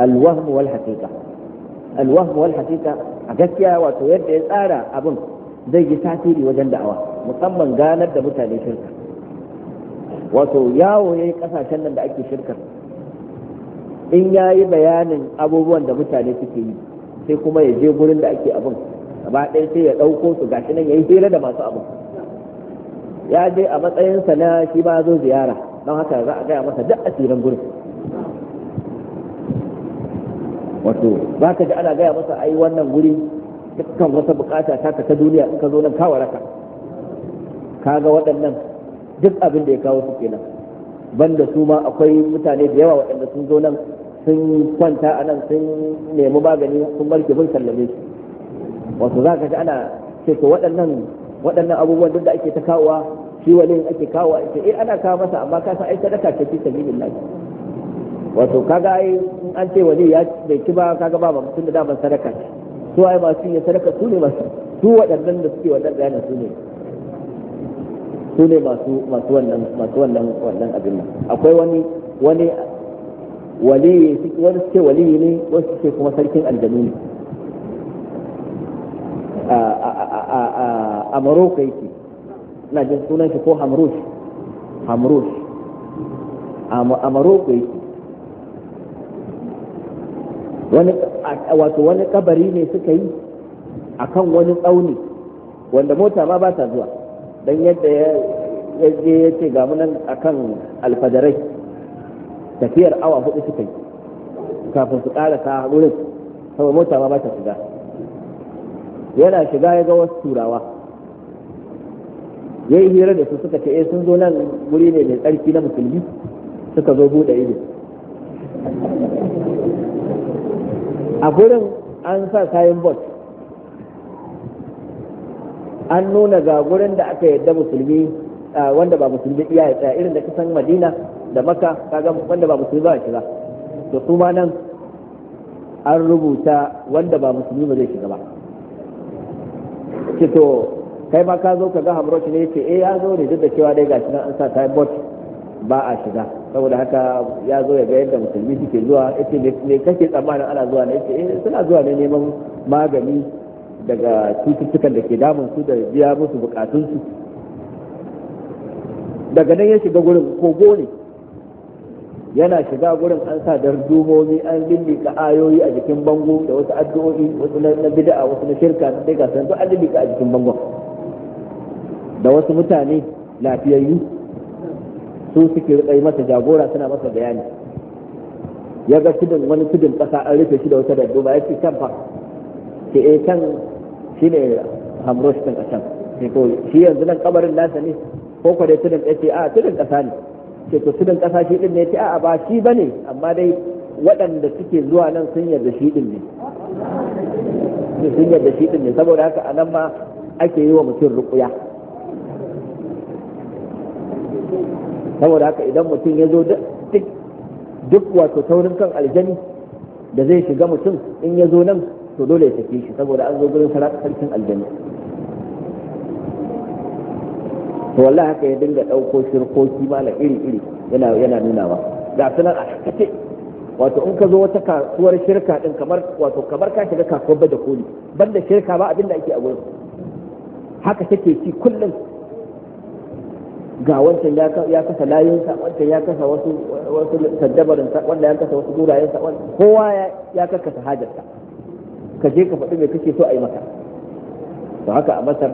al-wahm wal haqiqa al-wahm wal haqiqa a gaskiya wato yadda ya tsara abun zai yi tasiri wajen da'awa musamman ganar da mutane shirka wato yawo ya yi kasashen nan da ake shirkar in ya yi bayanin abubuwan da mutane suke yi sai kuma ya je gurin da ake abin gaba ɗaya sai ya ɗauko su gashi nan ya yi hira da masu abin ya je a matsayinsa na shi ba zo ziyara don haka za a gaya masa duk asirin gurin wato ba ka ji ana gaya masa ai wannan guri dukkan wata bukata ta ka ta duniya in ka zo nan ka waraka kaga waɗannan duk abin da ya kawo su kenan banda su ma akwai mutane da yawa waɗanda sun zo nan sun kwanta a nan sun nemi magani sun barke bin sallame su wato za ka ji ana ce to waɗannan waɗannan abubuwan duk da ake ta kawowa shi wani ake kawo ake eh ana kawo masa amma ka san ai sadaka ce fi sabilillah wato kaga ai an ce wani ya bai ki ba kaga ba mutum da ban sadaka ce su ai masu yin sadaka su ne masu su waɗannan da suke wannan bayanin su ne su ne masu masu wannan masu wannan wannan abin nan akwai wani wani waliyi wani suke waliyi ne wasu suke kuma sarkin aljanu ne a maroka yake na jin sunan shi ko Hamrush Hamrush a maroka yake wani wato wani kabari ne suka yi a kan wani tsauni wanda mota ma ba ta zuwa don yadda ya je ya ce ga nan kan alfadarai tafiyar awa hudu suka yi kafin su karasa wurin saboda mota ma ba ta shiga yana shiga ya ga wasu turawa ya yi hira da su suka ce eh sun zo nan wuri ne mai tsarki na musulmi suka zo buɗe ido a gurin an sa kayan bot an nuna ga gurin da aka yadda musulmi wanda ba musulmi iya ya tsaya irin da kasan madina da maka kaga wanda ba musulmi ba shiga to su ma nan an rubuta wanda ba musulmi ba zai shiga ba to kai ma ka zo ka ga hamroci ne ce eh ya zo ne duk da cewa dai gashi nan an sa kayan bot ba a shiga saboda haka ya zo ya ga yadda musulmi suke zuwa yace me kake tsammanin ana zuwa ne yace eh suna zuwa ne neman magani daga cututtukan da ke damun su da biya musu bukatun su daga nan ya shiga gurin kogo ne yana shiga gurin an sa dumomi an lillika ayoyi a jikin bango da wasu addu'o'i wasu na bid'a wasu na shirka da daga gasan an lillika a jikin bangon da wasu mutane lafiyayyu su suke rikai masa jagora suna masa bayani ya ga tudun wani tudun ƙasa an rufe shi da wata dadduba ya ce can fa ke eh can shi ne hamrosh ɗin a can shi yanzu nan kabarin nasa ne ko kwa dai tudun ya ce a tudun ƙasa ne ce to tudun ƙasa shi ɗin ne ya ce a ba shi ba ne amma dai waɗanda suke zuwa nan sun yarda shi ɗin ne sun yarda shi ɗin ne saboda haka a nan ma ake yi wa mutum ruƙuya saboda haka idan mutum ya zo duk wato taurin kan aljani da zai shiga mutum in ya zo nan to dole ya sake shi saboda an zo gurin sarkin aljani to wallahi haka ya dinga ɗauko shirkoki mala iri iri yana nunawa ga sunan a kace wato in ka zo wata kasuwar shirka din kamar wato kamar ka shiga kasuwar bada koli banda shirka ba abinda ake a gurin haka take ci kullum ga wancan ya kasa layinsa wancan ya kasa wasu wasu saddabarinsa wanda ya kasa wasu gurayensa kowa ya karkasa hajarsa ka je ka faɗi mai kake so a yi maka to haka a masar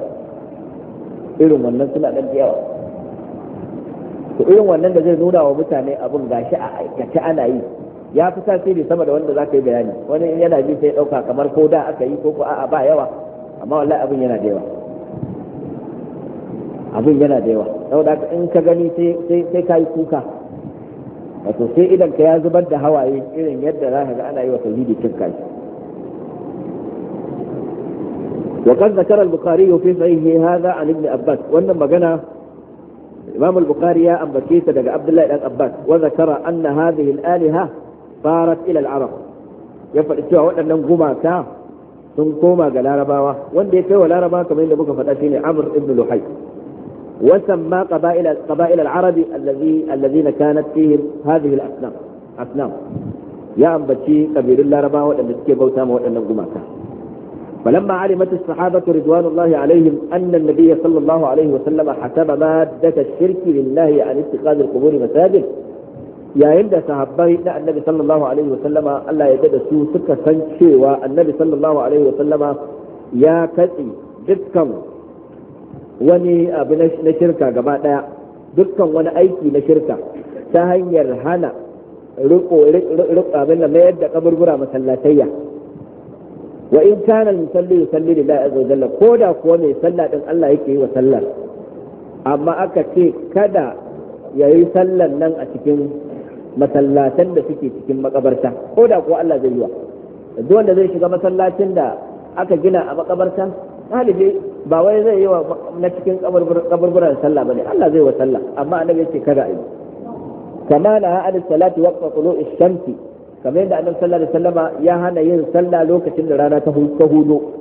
irin wannan suna ɗan yawa to irin wannan da zai nuna wa mutane abin gashi a aikace ana yi ya fi tasiri sama da wanda za ka yi bayani wani yana ji sai ɗauka kamar ko da aka yi ko ko a'a ba yawa amma wallahi abin yana da yawa abin yana da yawa saboda in ka gani sai ka yi kuka wato sai idan ka ya zubar da hawaye irin yadda za ka ga ana yi wa tauhidi cin kashi وقد ذكر البخاري في صحيحه هذا عن ابن عباس وان مغنى الامام البخاري يا ام بكيت عبد الله بن عباس وذكر ان هذه الالهه صارت الى العرب يفد cewa waɗannan gumaka sun koma ga larabawa wanda ya kai wa larabawa kamar yadda muka faɗa shine amr ibn luhai. وسمى قبائل قبائل العرب الذي الذين كانت فيهم هذه الاصنام اصنام يا ام امبتي قبيل ربا ودن سكي بوتا ما ودن غماكا فلما علمت الصحابة رضوان الله عليهم أن النبي صلى الله عليه وسلم حسب مادة الشرك لله عن اتخاذ القبور مساجد يا عند صحابه ان النبي صلى الله عليه وسلم Allah ya سو su suka san صلى الله عليه وسلم يا sallama دكم wani abu na shirka gaba ɗaya dukkan wani aiki na shirka ta hanyar hana abin da mayar da kaburbura masallatayya wa in kana musalli yusalli lillahi azza wajalla ko da kuwa mai sallah din Allah yake yi wa sallar amma aka ce kada ya yi sallar nan a cikin masallatan da suke cikin makabarta ko da kuwa Allah zai yi wa duk wanda zai shiga masallacin da aka gina a makabarta galibi ba wai zai yi wa na cikin kaburburan sallah ba ne. Allah zai wa sallah amma annabi yace kada a yi kama na an salati waqta tulu'i shamsi kamar yadda annabi sallah da wasallama ya hana yin sallah lokacin da rana ta hudo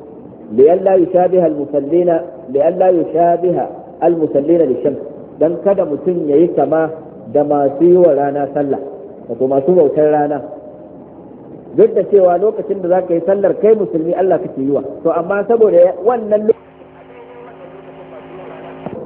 لئلا يشابه المصلين لئلا يشابه da للشمس dan kada mutum ya yi kama da masu yi wa rana sallah wato masu bautar rana duk da cewa lokacin da za ka yi sallar kai musulmi Allah kake yi wa to amma saboda wannan lokacin.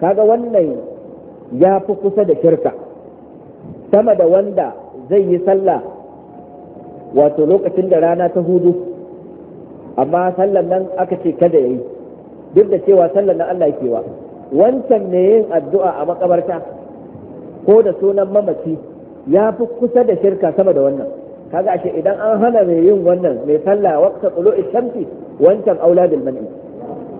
kaga wannan ya fi kusa da shirka sama da wanda zai yi sallah wato lokacin da rana ta hudu amma sallan nan aka ce kada ya yi duk da cewa sallan nan Allah yake wa wancan ne yin addu'a a makabarta ko da sunan mamaci ya fi kusa da shirka sama da wannan kaga ashe idan an hana mai yin wannan mai sallah waqta tulu'i shamsi wancan auladul man'i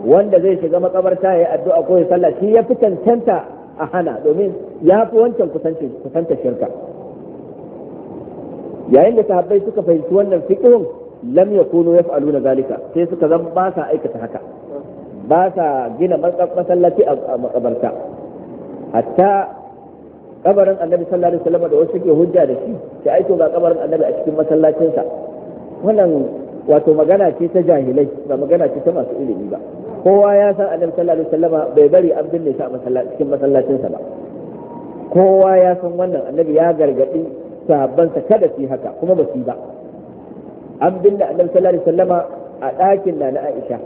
wanda zai shiga makabarta ya addu'a ko ya sallah shi ya fi cancanta a hana domin ya fi wancan kusanta shirka yayin da sahabbai suka fahimci wannan fiqhun lam yakunu yaf'aluna zalika sai suka zama ba sa aikata haka ba sa gina masallaci a makabarta hatta kabarin annabi sallallahu alaihi wasallam da wasu suke hujja da shi sai aito ga kabarin annabi a cikin masallacinsa wannan wato magana ce ta jahilai ba magana ce ta masu ilimi ba kowa ya san annabi sallallahu alaihi wasallama bai bari an binne shi a cikin masallacinsa ba kowa ya san wannan annabi ya gargadi sahabbansa kada su yi haka kuma ba su yi ba an binne annabi sallallahu alaihi wasallama a ɗakin na na Aisha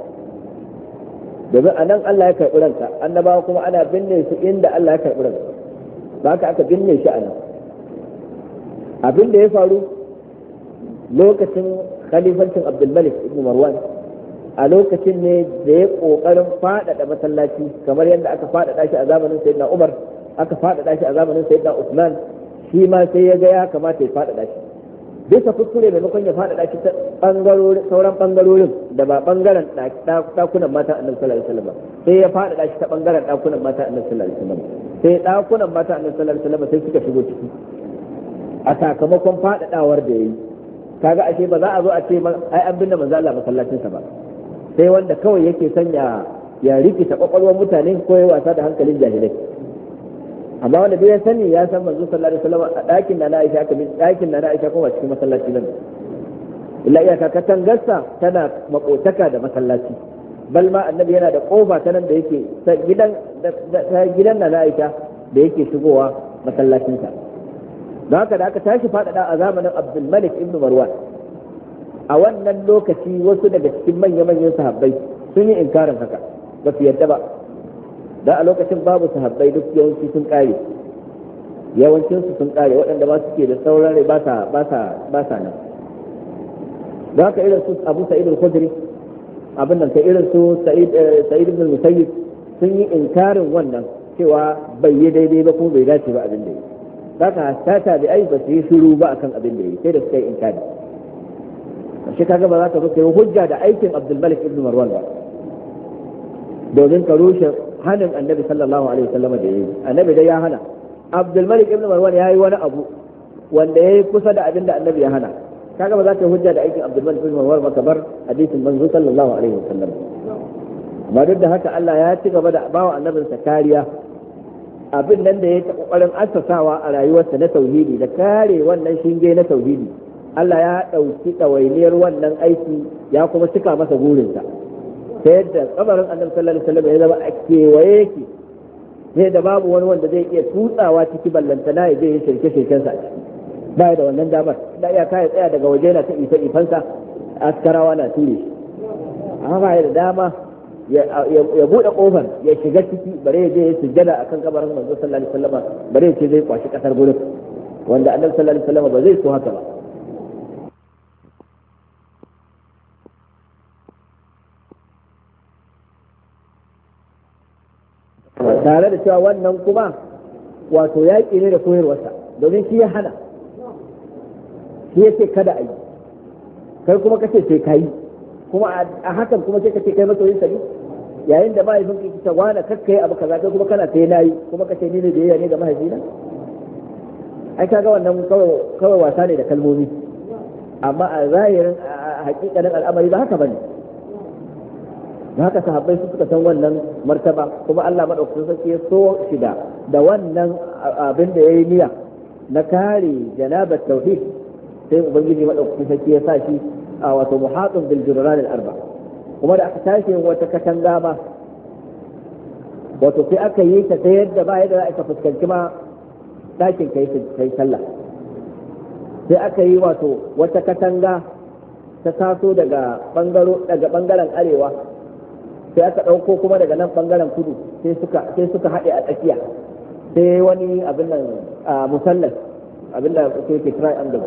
domin a nan Allah ya karɓi ranka annabawa kuma ana binne su inda Allah ya karɓi ranka ba ka aka binne shi a nan abin da ya faru lokacin khalifancin Abdul Malik ibn Marwan a lokacin ne da ya kokarin faɗaɗa masallaci kamar yadda aka faɗaɗa shi a zamanin sayyidina Umar aka faɗaɗa shi a zamanin sayyidina Uthman shi ma sai ya ga ya kamata ya faɗaɗa shi bisa kuskure makon ya faɗaɗa shi ta sauran bangarorin da ba bangaren ɗakunan mata annabi sallallahu alaihi wasallam sai ya faɗaɗa shi ta bangaren ɗakunan mata annabi sallallahu alaihi wasallam sai ɗakunan mata annabi sallallahu alaihi wasallam sai suka shigo ciki a sakamakon faɗaɗawar da yayi kaga ashe ba za a zo a ce ai an binne manzo Allah masallacin sa ba sai wanda kawai yake sanya ya rikita kwakwalwar mutane ko ya wasa da hankalin jahilai amma wanda bai sani ya san manzo sallallahu alaihi wasallam a ɗakin na Aisha ka bin ɗakin na Aisha cikin masallaci nan illa katan gassa tana makotaka da masallaci bal ma annabi yana da kofa ta nan da yake gidan gidan na Aisha da yake shigowa masallacinta don haka da aka tashi faɗaɗa a zamanin Abdul Malik ibn Marwan a wannan lokaci wasu daga cikin manya-manyan sahabbai sun yi inkarin haka ba su yadda ba da a lokacin babu sahabbai duk yawanci sun kare yawancin su sun kare waɗanda ba su ke da sauran rai ba sa ba sa ba sa nan da haka irin su Abu Sa'id al-Khudri abin nan kai irin su Sa'id eh, Sa'id ibn Musayyib sun yi inkarin wannan cewa bai yi daidai ba kuma bai dace ba abin da yi haka ta ai ba su yi shiru ba akan abin da yi sai da suka yi inkari shi ka ba za ka zo kai hujja da aikin Abdul Malik ibn Marwan ba domin ka rushe hanin Annabi sallallahu alaihi wasallam da yayi Annabi dai ya hana Abdul Malik ibn Marwan yayi wani abu wanda yayi kusa da abin da Annabi ya hana Ka ba za ka hujja da aikin Abdul Malik ibn Marwan ba kabar hadisin manzo sallallahu alaihi wasallam amma duk da haka Allah ya ci gaba da bawa annabinsa kariya abin nan da ya ta kokarin assasawa a rayuwarsa na tauhidi da kare wannan shinge na tauhidi Allah ya ɗauki ɗawainiyar wannan aiki ya kuma cika masa burinsa ta yadda kabarin annabi sallallahu alaihi wasallam ya zama a kewaye yake ne da babu wani wanda zai iya tutsawa ciki na ya je ya shirke shirkensa sa ciki ba da wannan damar da iya kai tsaya daga waje na ta ifa ifansa askarawa na ture shi amma ba da dama ya bude kofar ya shiga ciki bare ya je ya sujjada akan kabarin manzo sallallahu alaihi wasallam bare ya ce zai kwashi kasar gurin wanda annabi sallallahu alaihi wasallam ba zai so haka ba tare da cewa wannan kuma wato yaƙi ne da koyarwarsa domin shi ya hana shi ya ce kada a yi kai kuma kace sai ka yi kuma a hakan kuma sai kace kai masoyin sa ne yayin da mahaifin ka kita wani kakkai abu kaza kai kuma kana sai yi kuma kace ni ne da yaya ne ga mahaifina ai kaga wannan kawai wasa ne da kalmomi amma a zahirin hakikanin al'amari ba haka bane da haka sahabbai su suka san wannan martaba kuma Allah madaukakin sarki ya so shi da da wannan abin da yayi niyya na kare janabat tauhid sai ubangiji madaukakin sarki ya sa shi a wato muhatun bil jurran al arba kuma da aka tashi wata katanga ma wato sai aka yi ta sai yadda ba yadda za a fuskanci ma dakin kai kai sallah sai aka yi wato wata katanga ta taso daga bangaren arewa sai aka ɗauko kuma daga nan ɓangaren kudu sai suka haɗe a tsakiya sai wani abin nan musallas abin da ke ke triangle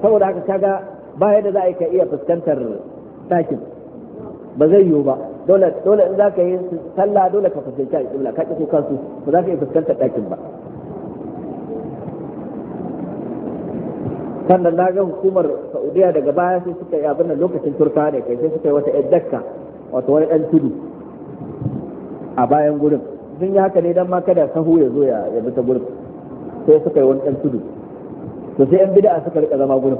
saboda haka kaga ba yadda za a yi ka iya fuskantar ɗakin ba zai yiwu ba dole in za ka yi sallah dole ka fuskanci alƙibla ka ƙi kukan ba za ka iya fuskantar ɗakin ba sannan na ga hukumar saudiya daga baya sai suka yi abin lokacin turka ne kai sai suka yi wata yaddaka wato wani dan tudu a bayan gurin sun yi haka ne dan ma kada sahu ya zo ya bi ta gurin sai suka yi wani dan tudu to sai yan bid'a suka rika zama gurin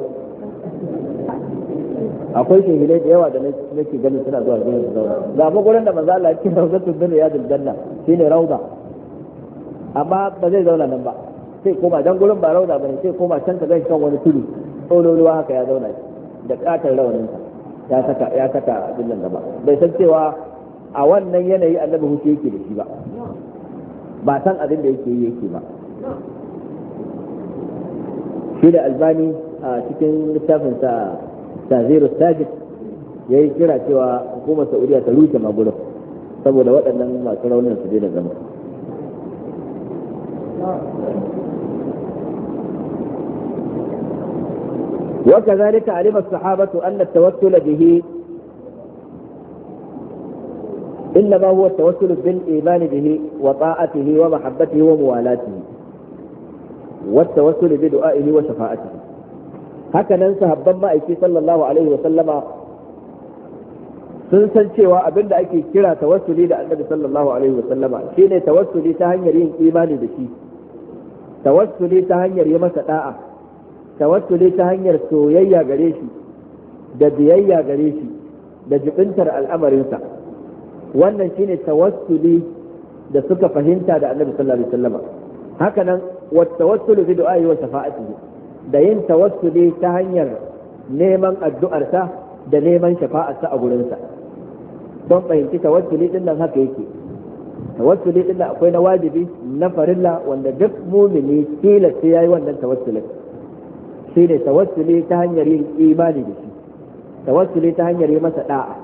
akwai shehilai da yawa da nake ganin suna zuwa gurin su zauna ga ma gurin da manzo Allah ya kira rawdatul dunya ya daljanna shine rawda amma ba zai zauna nan ba sai koma dan gurin ba rauda bane sai koma can ka shi kan wani tudu tsololuwa haka ya zauna da katar raunin sa ya saka ya saka abin gaba bai san cewa a wannan yanayi annabi huce yake da shi ba ba san abin da yake yi yake ba shi da albani a cikin littafin sa tazirus sajid ya kira cewa hukumar saudiya ta rushe magudan saboda waɗannan masu raunin su da zama وكذلك علم الصحابة أن التوسل به إنما هو التوسل بالإيمان به وطاعته ومحبته وموالاته والتوسل بدعائه وشفاعته هكذا sahabban ma'aiki sallallahu alaihi wasallama sun san cewa abin da ake kira tawassuli da annabi sallallahu alaihi wasallama shine tawassuli ta hanyar yin imani da shi tawassuli ta hanyar yi masa da'a tawassuli ta hanyar soyayya gare shi da biyayya gare shi da jibintar al'amarinsa wannan shine tawassuli da suka fahimta da annabi sallallahu alaihi wasallam haka nan wa tawassulu bi du'a'i wa shafa'atihi da yin tawassuli ta hanyar neman addu'arsa da neman shafa'arsa a gurinsa don fahimci tawassuli din nan haka yake tawassuli din akwai na wajibi na farilla wanda duk mumini tilasta ya yayi wannan tawassulin ne tawassuli ta hanyar yin imani da shi tawassuli ta hanyar yi masa da'a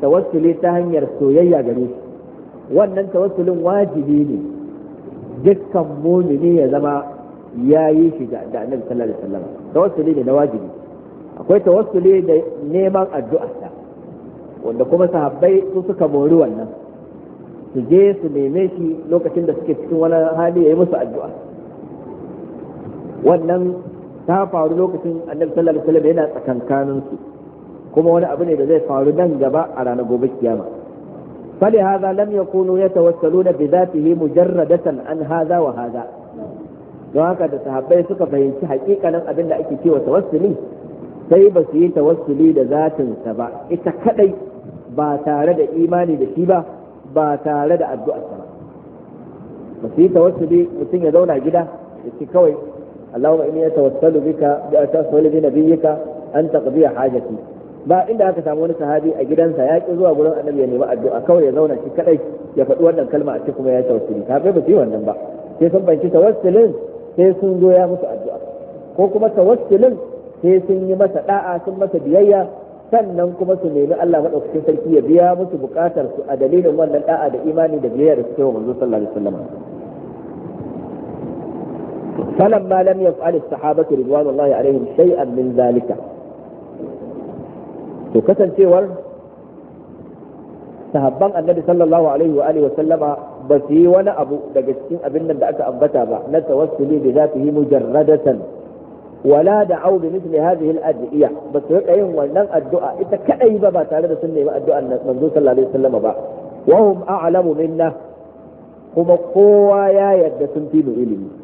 tawassuli ta hanyar soyayya gare shi wannan tawassulin wajibi ne dukkan mumini ya zama ya yi shi ga annabi sallallahu alaihi wasallam tawassuli ne na wajibi akwai tawassuli da neman addu'a ta wanda kuma sahabbai su suka mori wannan su je su neme shi lokacin da suke cikin wani hali ya yi musu addu'a wannan ta faru lokacin annabi sallallahu alaihi yana tsakankanin su kuma wani abu ne da zai faru nan gaba a ranar gobe kiyama yakunu yatawassaluna bi يتوسلون mujarradatan an hadha wa hadha don haka da sahabbai suka fahimci hakikanin abin da ake cewa tawassuli sai ba su yi tawassuli da sa ba ita kadai ba tare da imani da shi ba ba tare da addu'a ba su yi tawassuli mutum ya zauna gida ya ce kawai Allahumma inni atawassalu bika bi atawassalu bi nabiyyika an taqdiya hajati ba inda aka samu wani sahabi a gidansa ya ki zuwa gurin annabi ya nemi addu'a kawai ya zauna shi kadai ya faɗi wannan kalma a cikin kuma ya tawassuli ka ba su yi wannan ba sai sun banci tawassulin sai sun zo ya musu addu'a ko kuma tawassulin sai sun yi masa da'a sun masa biyayya sannan kuma su nemi Allah madaukakin sarki ya biya musu bukatar su a dalilin wannan da'a da imani da biyayya da suke wa manzo sallallahu alaihi wasallam فلما لم يفعل الصحابة رضوان الله عليهم شيئا من ذلك وكسن cewar sahabban annabi sallallahu alaihi wa alihi wa sallama ba su yi wani abu daga cikin abin nan da aka ambata ba na tawassuli bi zatihi mujarradatan wala da'u bi mithli hadhihi al-ad'iya ba su rika yin wannan addu'a ita kadai ba ba tare da sun nemi addu'an manzo sallallahu alaihi wa sallama ba wa hum a'lamu minna kuma kowa ya yarda sun fi ilimi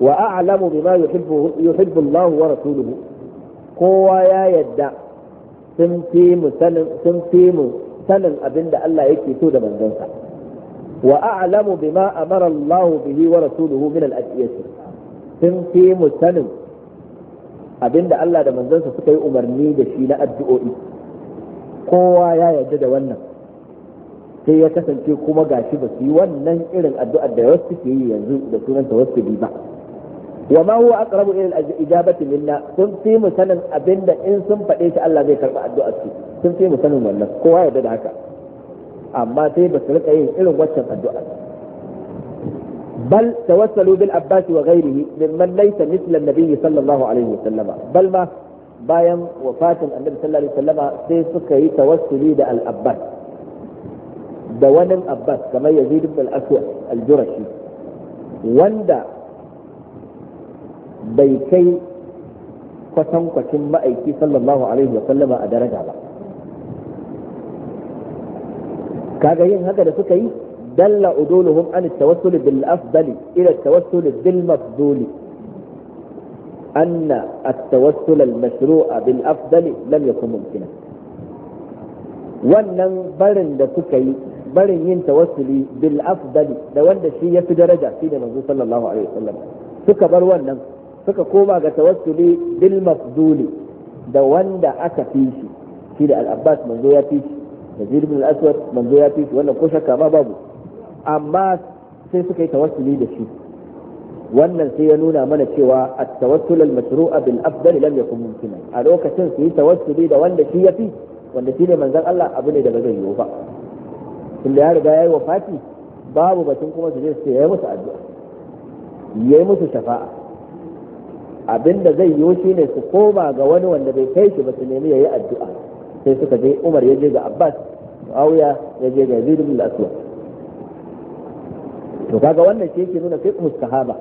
wa a'lamu bima yuhibbu yuhibbu Allah wa rasuluhu kowa ya yadda sun fi mu sanin abinda Allah yake so da manzonsa wa a'lamu bima amara bihi sun fi mu sanin abinda Allah da manzansa suka yi umarni da shi na addu'o'i kowa ya yarda da wannan sai ya kasance kuma gashi ba su yi wannan irin addu'ar da wasu ke yi yanzu da wasu tawassuli ba wa ma huwa aqrabu ila al-ijabati minna sun fi mu sanin abinda in sun faɗe shi Allah zai karɓa addu'ar su sun fi mu sanin wannan kowa ya da haka amma sai ba su rika yin irin waccan addu'a bal tawassalu bil abbas wa ghayrihi mimman laysa mithla an bal ma bayan wafatin annabi sallallahu alaihi wasallam sai suka yi tawassuli da al-abbas da wani abbas kamar yazid ibn al-aswad al-jurashi wanda bai kai kwatankwacin ma'aiki sallallahu alaihi wa sallama a daraja ba kaga yin haka da suka yi dalla uduluhum an tawassul bil afdali ila tawassul bil mafduli anna at-tawassul al-mashru'a bil afdali lam yakun mumkina wannan barin da suka yi barin yin tawassuli bil afdali da wanda shi yafi daraja shi da manzo sallallahu alaihi wasallam suka bar wannan suka koma ga tawassuli bil masduli da wanda aka fi shi shi da al-abbas manzo ya fi shi da zirbi al-aswad manzo ya fi shi wannan ko shakka ma babu amma sai suka yi tawassuli da shi wannan sai ya nuna mana cewa a tawassul al-mashru'a bil afdal lam yakun mumkina a lokacin su yi tawassuli da wanda shi ya fi wanda shi ne manzon Allah abu ne da ba yiwu ba tunda ya riga ya yi wafati babu batun kuma su je su ya yi musu addu'a ya yi musu shafa'a Abin da zai yi shine su koma ga wani wanda bai kai shi ba su nemi yayi addu'a sai suka je Umar ya je ga Abbas Muawiya ya je ga Yazid bin aswad to kaga wannan shi yake nuna fiqh sahaba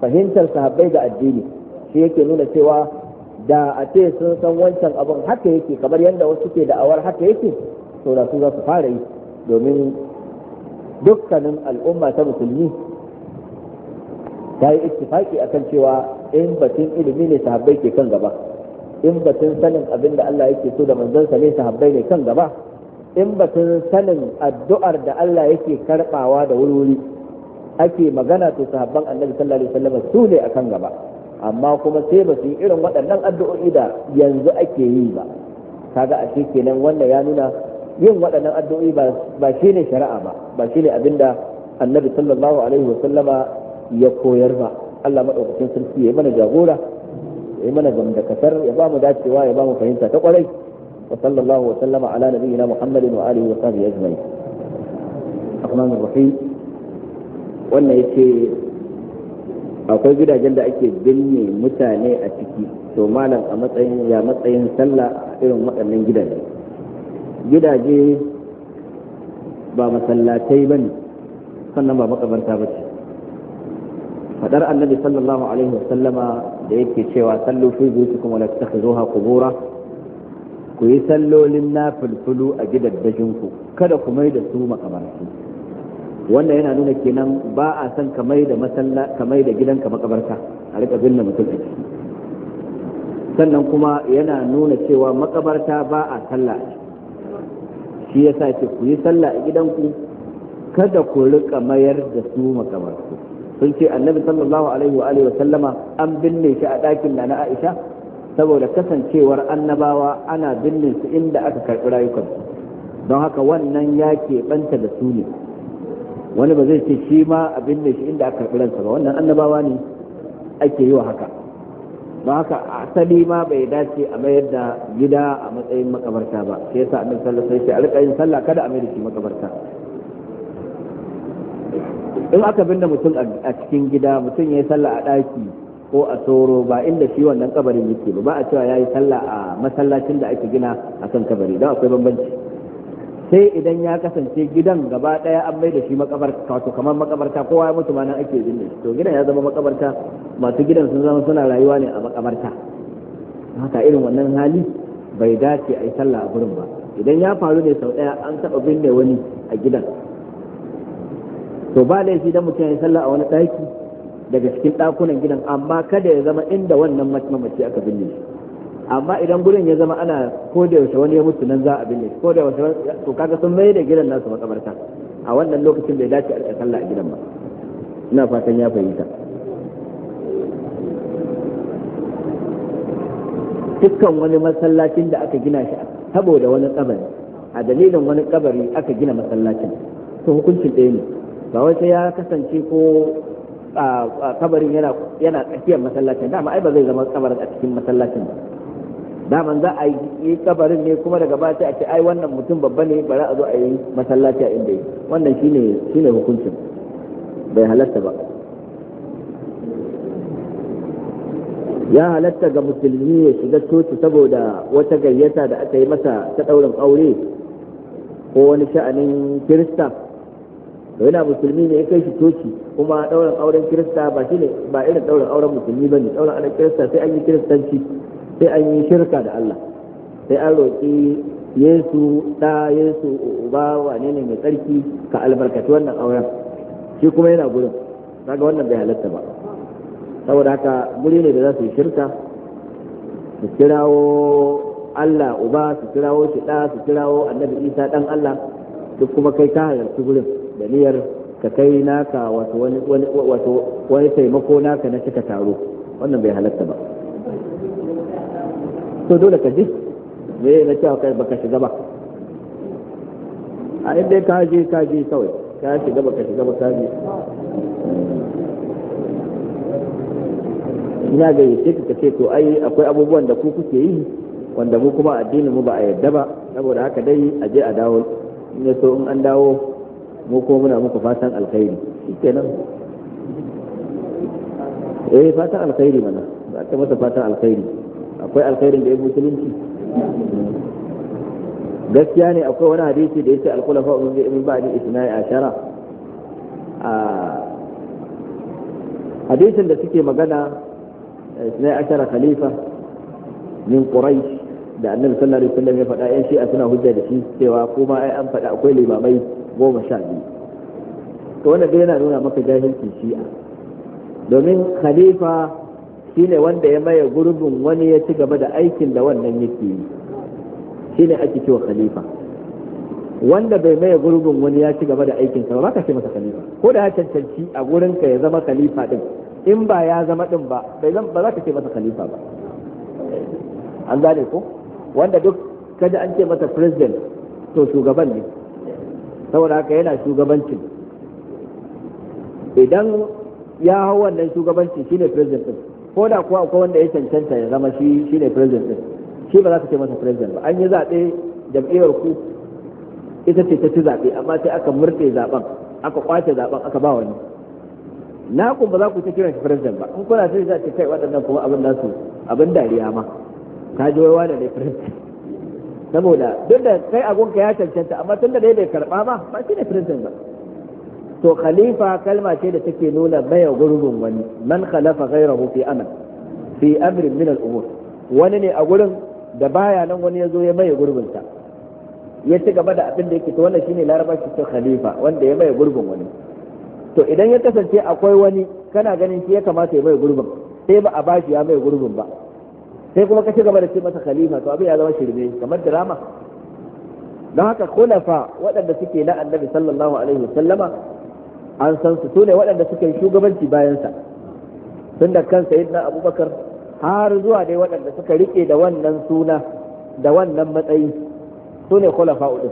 fahimtar sahabbai da addini shi yake nuna cewa da a ce sun san wancan abun haka yake kamar yadda wasu ke awar haka yake to da su za su fara yi domin dukkanin al'umma ta musulmi ta yi ittifaki akan cewa in batun ilimi ne sahabbai ke kan gaba in batun sanin abin da Allah yake so da manzansa ne sahabbai ne kan gaba in batun sanin addu'ar da Allah yake karbawa da wuri-wuri ake magana to sahabban annabi sallallahu alaihi wasallam su ne akan gaba amma kuma sai ba su yi irin waɗannan addu'o'i da yanzu ake yi ba kaga a kenan wannan ya nuna yin waɗannan addu'o'i ba shi ne shari'a ba ba shi ne abinda annabi sallallahu alaihi wasallama ya koyar ba Allah madaukakin sarki ya yi mana jagora ya yi mana gamdakatar ya ba mu dacewa ya ba mu fahimta ta kwarai wa sallallahu wa sallama ala nabiyyina muhammadin wa alihi wa sahbihi ajma'in rahmanir rahim wannan yace akwai gidajen da ake binne mutane a ciki to malam a matsayin ya matsayin sallah irin waɗannan gidaje gidaje ba masallatai bane sannan ba makabarta ba ce fadar annabi sallallahu alaihi wasallama da yake cewa sallu fi buyutikum wala tattakhizuha qubura ku yi sallolin nafilfilu a ku kada ku mai da su makabarci Wannan yana nuna kenan ba a san ka mai da masalla ka mai da gidanka makabarta a rika binne mutum a sannan kuma yana nuna cewa makabarta ba a sallah shi yasa ce ku yi sallah a gidanku kada ku rika mayar da su makabarta sun ce annabi sallallahu alaihi wa alihi wa sallama an binne shi a ɗakin da na Aisha saboda kasancewar annabawa ana binne su inda aka karɓi rayukansu don haka wannan ya keɓanta da su ne wani ba zai ce shi ma a binne shi inda aka karɓi ransa ba wannan annabawa ne ake yi wa haka don haka asali ma bai dace a mayar da gida a matsayin makabarta ba sai yasa annabi sallallahu alaihi wasallam sai a rika yin sallah kada a mayar da shi makabarta in aka binne mutum a cikin gida mutum ya yi sallah a ɗaki ko a tsoro ba inda shi wannan kabarin yake ba ba a cewa ya yi sallah a masallacin da ake gina a kan kabari don akwai bambanci sai idan ya kasance gidan gaba ɗaya an mai da shi makabarta wato kamar makabarta kowa ya mutu ma nan ake binne to gidan ya zama makabarta masu gidan sun zama suna rayuwa ne a makabarta haka irin wannan hali bai dace a yi sallah a gurin ba idan ya faru ne sau ɗaya an taɓa binne wani a gidan to ba laifi dan mutum ya sallah a wani ɗaki daga cikin ɗakunan gidan amma kada ya zama inda wannan mamaci aka binne shi amma idan gurin ya zama ana ko da yaushe wani ya mutu nan za a binne shi ko da yaushe to kaga sun mai da gidan nasu makabarta a wannan lokacin bai dace a sallah a gidan ba ina fatan ya fahimta dukkan wani masallacin da aka gina shi saboda wani kabari a dalilin wani kabari aka gina masallacin to hukuncin ɗaya ne ba wai sai ya kasance ko kabarin yana yana tsakiyar masallacin dama ai ba zai zama kabarin a cikin masallacin ba daman za a yi kabarin ne kuma daga ba sai a ce ai wannan mutum babba ne bari a zo a yi masallaci a inda yake wannan shine shine hukuncin bai halatta ba ya halatta ga musulmi ya shiga coci saboda wata gayyata da aka yi masa ta ɗaurin aure ko wani sha'anin kirista to yana musulmi ne ya kai shi coci kuma ɗaurin auren kirista ba shi ne ba irin ɗaurin auren musulmi ba ne ɗaurin auren kirista sai an yi kiristanci sai an yi shirka da Allah sai an roƙi Yesu ɗa Yesu uba wane ne mai tsarki ka albarkaci wannan auren shi kuma yana gurin kaga wannan bai halatta ba saboda haka guri ne da za su yi shirka su kirawo Allah uba su kirawo shi ɗa su kirawo annabi Isa ɗan Allah duk kuma kai ka halarci gurin da niyyar ka kai naka wato wani wato wani taimako naka na cika taro wannan bai halatta ba to dole ka ji me na cewa kai baka shiga ba a inda ka je ka je kawai ka shiga baka shiga ba ka je ina ga yace ka ce to ai akwai abubuwan da ku kuke yi wanda mu kuma addinin mu ba a yadda ba saboda haka dai a je a dawo in so in an dawo mu ko muna muku fatan alkhairi kenan eh fatan alkhairi mana ba ta masa fatan alkhairi akwai alkhairin da ya musulunci gaskiya ne akwai wani hadisi da yace alkhulafa ibn ibn ba'di isna'i ashara a hadisin da suke magana eh, isna'i ashara khalifa min quraish da annabi sallallahu alaihi wasallam ya faɗa yan a suna hujja da shi cewa kuma ai an faɗa akwai limamai goma sha biyu to wanda dai yana nuna maka jahilci shi'a domin khalifa shine wanda ya maye gurbin wani ya ci gaba da aikin da wannan yake yi shine ake cewa khalifa wanda bai maye gurbin wani ya ci gaba da aikin sa ba ka ce masa khalifa ko da ya cancanci a gurin ka ya zama khalifa din in ba ya zama din ba bai ba za ka ce masa khalifa ba an gane ko wanda duk kada an ce masa president to shugaban ne saboda haka yana shugabancin idan ya hau wannan shugabanci shine president din ko da kuwa akwai wanda ya cancanta ya zama shi shine president din shi ba za ka ce masa president ba an yi zaɓe jam'iyyar ku ita ce ta ci zaɓe amma sai aka murɗe zaɓen aka kwace zaɓen aka ba wani na kun ba za ku ce kiran shi president ba in kuna sai za ta kai waɗannan kuma abin da su abin dariya ma ta ji wai wani ne president saboda duk da kai abunka ya cancanta amma tun da dai bai karba ba ba shi ne firinsin ba to khalifa kalma ce da take nuna maye gurbin wani man khalafa ghairahu fi amal fi amr min al-umur wani ne a gurin da baya nan wani ya zo ya maye gurbin sa ya ci gaba da abin da yake to wannan shine laraba shi ce khalifa wanda ya maye gurbin wani to idan ya kasance akwai wani kana ganin shi ya kamata ya maye gurbin sai ba a bashi ya maye gurbin ba sai kuma ka ci gaba da ce masa khalifa to abin ya zama shirme kamar drama don haka khulafa waɗanda suke na annabi sallallahu alaihi wasallama an san su sune waɗanda suke shugabanci bayansa tun da kansa yadda abubakar har zuwa dai waɗanda suka rike da wannan suna da wannan matsayi sune khulafa uɗin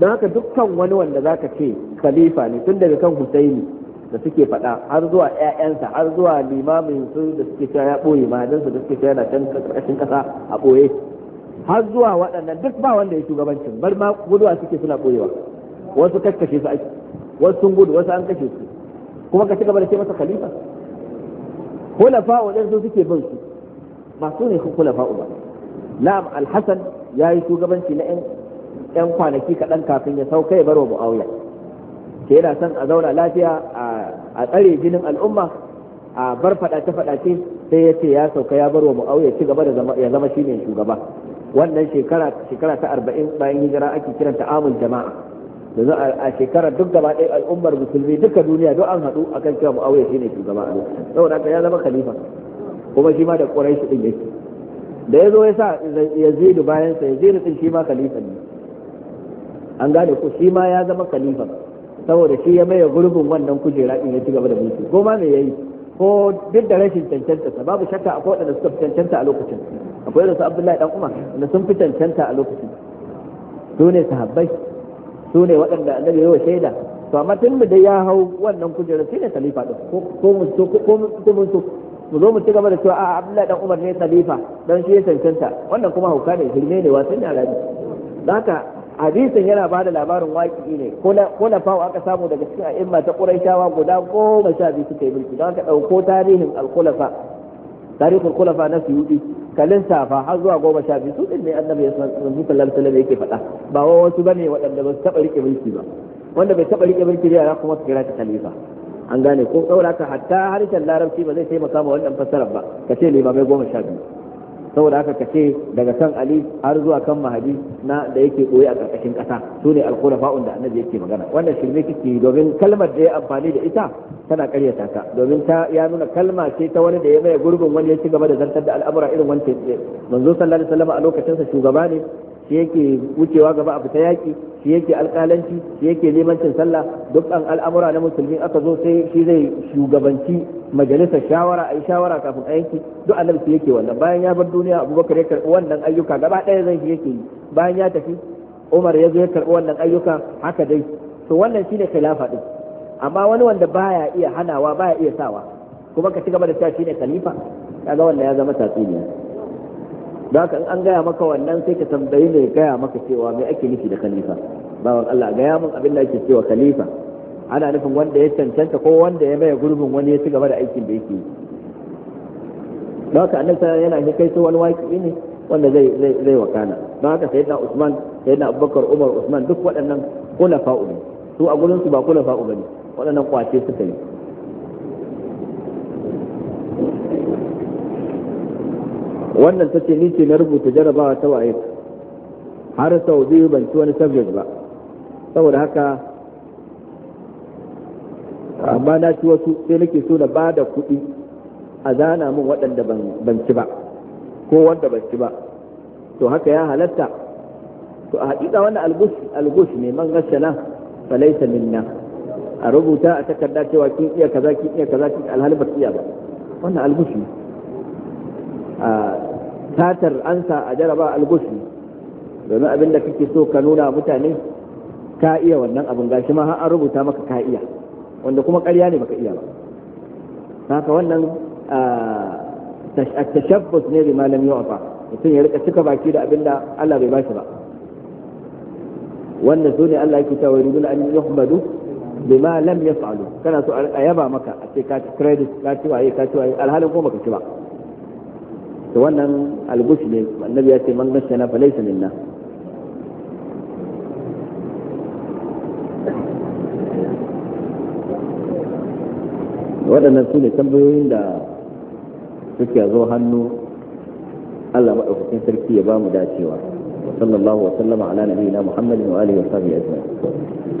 don haka dukkan wani wanda zaka ce khalifa ne tun daga kan husaini da suke faɗa har zuwa ƴaƴansa har zuwa limamin su da suke cewa ya ɓoye madansa da suke cewa yana can ƙarƙashin ƙasa a ɓoye har zuwa waɗannan duk ba wanda ya shugabancin bar ma guduwa suke suna ɓoyewa wasu kakkashe su ake wasu sun gudu wasu an kashe su kuma ka ci gaba da ce masa khalifa hulafa waɗansu su suke bin su ba su ne hulafa ba na'am alhassan ya yi shugabanci na yan kwanaki kaɗan kafin ya sauka ya bar wa mu'awiya ke yana son a zauna lafiya a a tsare jinin al'umma a bar fadace faɗace sai ya ce ya sauka ya bar wa mu'awiya ci gaba da ya zama shine shugaba wannan shekara shekara ta arba'in bayan hijira ake kiranta amul jama'a yanzu a shekarar duk gaba ɗaya al'ummar musulmi duka duniya duk an haɗu akan cewa mu'awiya shine shugaba a lokacin saboda haka ya zama khalifa kuma shi ma da ƙurai ɗin yake da ya zo ya sa yazidu bayansa yazidu din shi ma khalifa ne an gane ko shi ma ya zama khalifa saboda shi ya maye gurbin wannan kujera in ya ci gaba da mulki ko ma me yayi ko duk da rashin cancanta sa babu shakka akwai waɗanda suka fi cancanta a lokacin akwai irin su Abdullahi dan Umar da sun fi cancanta a lokacin su ne sahabbai su ne waɗanda annabi ya shaida to amma tun da ya hau wannan kujera shi ne khalifa din ko mun so ko mu so mu zo mu ci gaba da cewa a Abdullahi dan Umar ne khalifa dan shi ya cancanta wannan kuma hauka ne hirme ne wasan a rabi haka hadisin yana ba da labarin waƙi ne ko na fawo aka samu daga cikin a'imma ta ƙuraishawa guda goma sha biyu suka yi mulki don ka ɗauko tarihin alkulafa tarihin kulafa na suyuɗi kalin safa har zuwa goma sha biyu su ɗin ne annabi ya san sallallahu alaihi yake faɗa ba wa wasu ne waɗanda ba su taɓa riƙe mulki ba wanda bai taɓa riƙe mulki ne kuma su kira ta khalifa an gane ko saboda hatta harshen larabci ba zai taimaka ma wannan fassarar ba ka ce mai goma sha biyu saboda haka kace daga kan ali har zuwa kan mahadi na da yake koyi a karkashin kasa su ne alkhulafa'un da annabi yake magana wannan shirme kike domin kalmar da ya amfani da ita tana karyata ta domin ta ya nuna kalma ce ta wani da ya mai gurbin wani ya ci gaba da zartar da al'amura irin wancan manzo sallallahu alaihi wasallam a lokacin sa shugaba ne shi yake wucewa gaba a fita yaki shi yake alƙalanci shi yake limancin sallah dukkan al'amura na musulmi aka zo sai shi zai shugabanci majalisar shawara a yi shawara kafin a yanki duk annabi shi yake wannan bayan ya bar duniya abubakar ya karɓi wannan ayyuka gaba ɗaya zai shi yake yi bayan ya tafi umar ya zo ya karɓi wannan ayyuka haka dai to wannan shi ne khilafa ɗin amma wani wanda baya iya hanawa baya iya sawa kuma ka ci gaba da cewa shine khalifa kaga wannan ya zama tatsuniya da haka in an gaya maka wannan sai ka tambayi mai gaya maka cewa me ake nufi da khalifa bawan Allah gaya min abin da ake cewa khalifa ana nufin wanda ya cancanta ko wanda ya maye gurbin wani ya ci gaba da aikin da yake yi da haka annabi yana ne kai wani waki ne wanda zai zai zai wakana don haka sayyidina Usman sayyidina Abubakar Umar Usman duk waɗannan kula ne su a gurin su ba kula fa'u bane waɗannan kwace suka yi wannan ta ce ni ce na rubuta jarabawa ta waye har sau biyu ban ci wani subject ba saboda haka amma na ci wasu sai nake so na bada kuɗi a zana min waɗanda ban ci ba ko wanda ban ci ba to haka ya halatta to a haƙiƙa wannan algus ne man gashana falaisa minna a rubuta a takarda cewa kin iya kaza kin iya kaza kin alhali ba iya ba wannan algus ne a satar ansa a jaraba al algusli domin abin da kake so ka nuna mutane ka iya wannan abin gashi ma har an rubuta maka ka iya wanda kuma ƙarya ne baka iya ba haka wannan tashabbus ne bi lam yu'ta mutum ya rika cika baki da abin da Allah bai bashi ba wannan su ne Allah yake cewa yuridun an yuhmadu bima lam yaf'alu kana so a yaba maka a ce ka credit ka ci waye ka ci waye alhalin ko baka ci ba to wannan algush ne annabi ya ce man na fa laysa minna waɗannan su ne tambayoyin da suke zo hannu Allah maɗaukakin sarki ya ba mu dacewa sallallahu wa sallama ala nabiyina Muhammadin wa alihi wa sahbihi ajma'in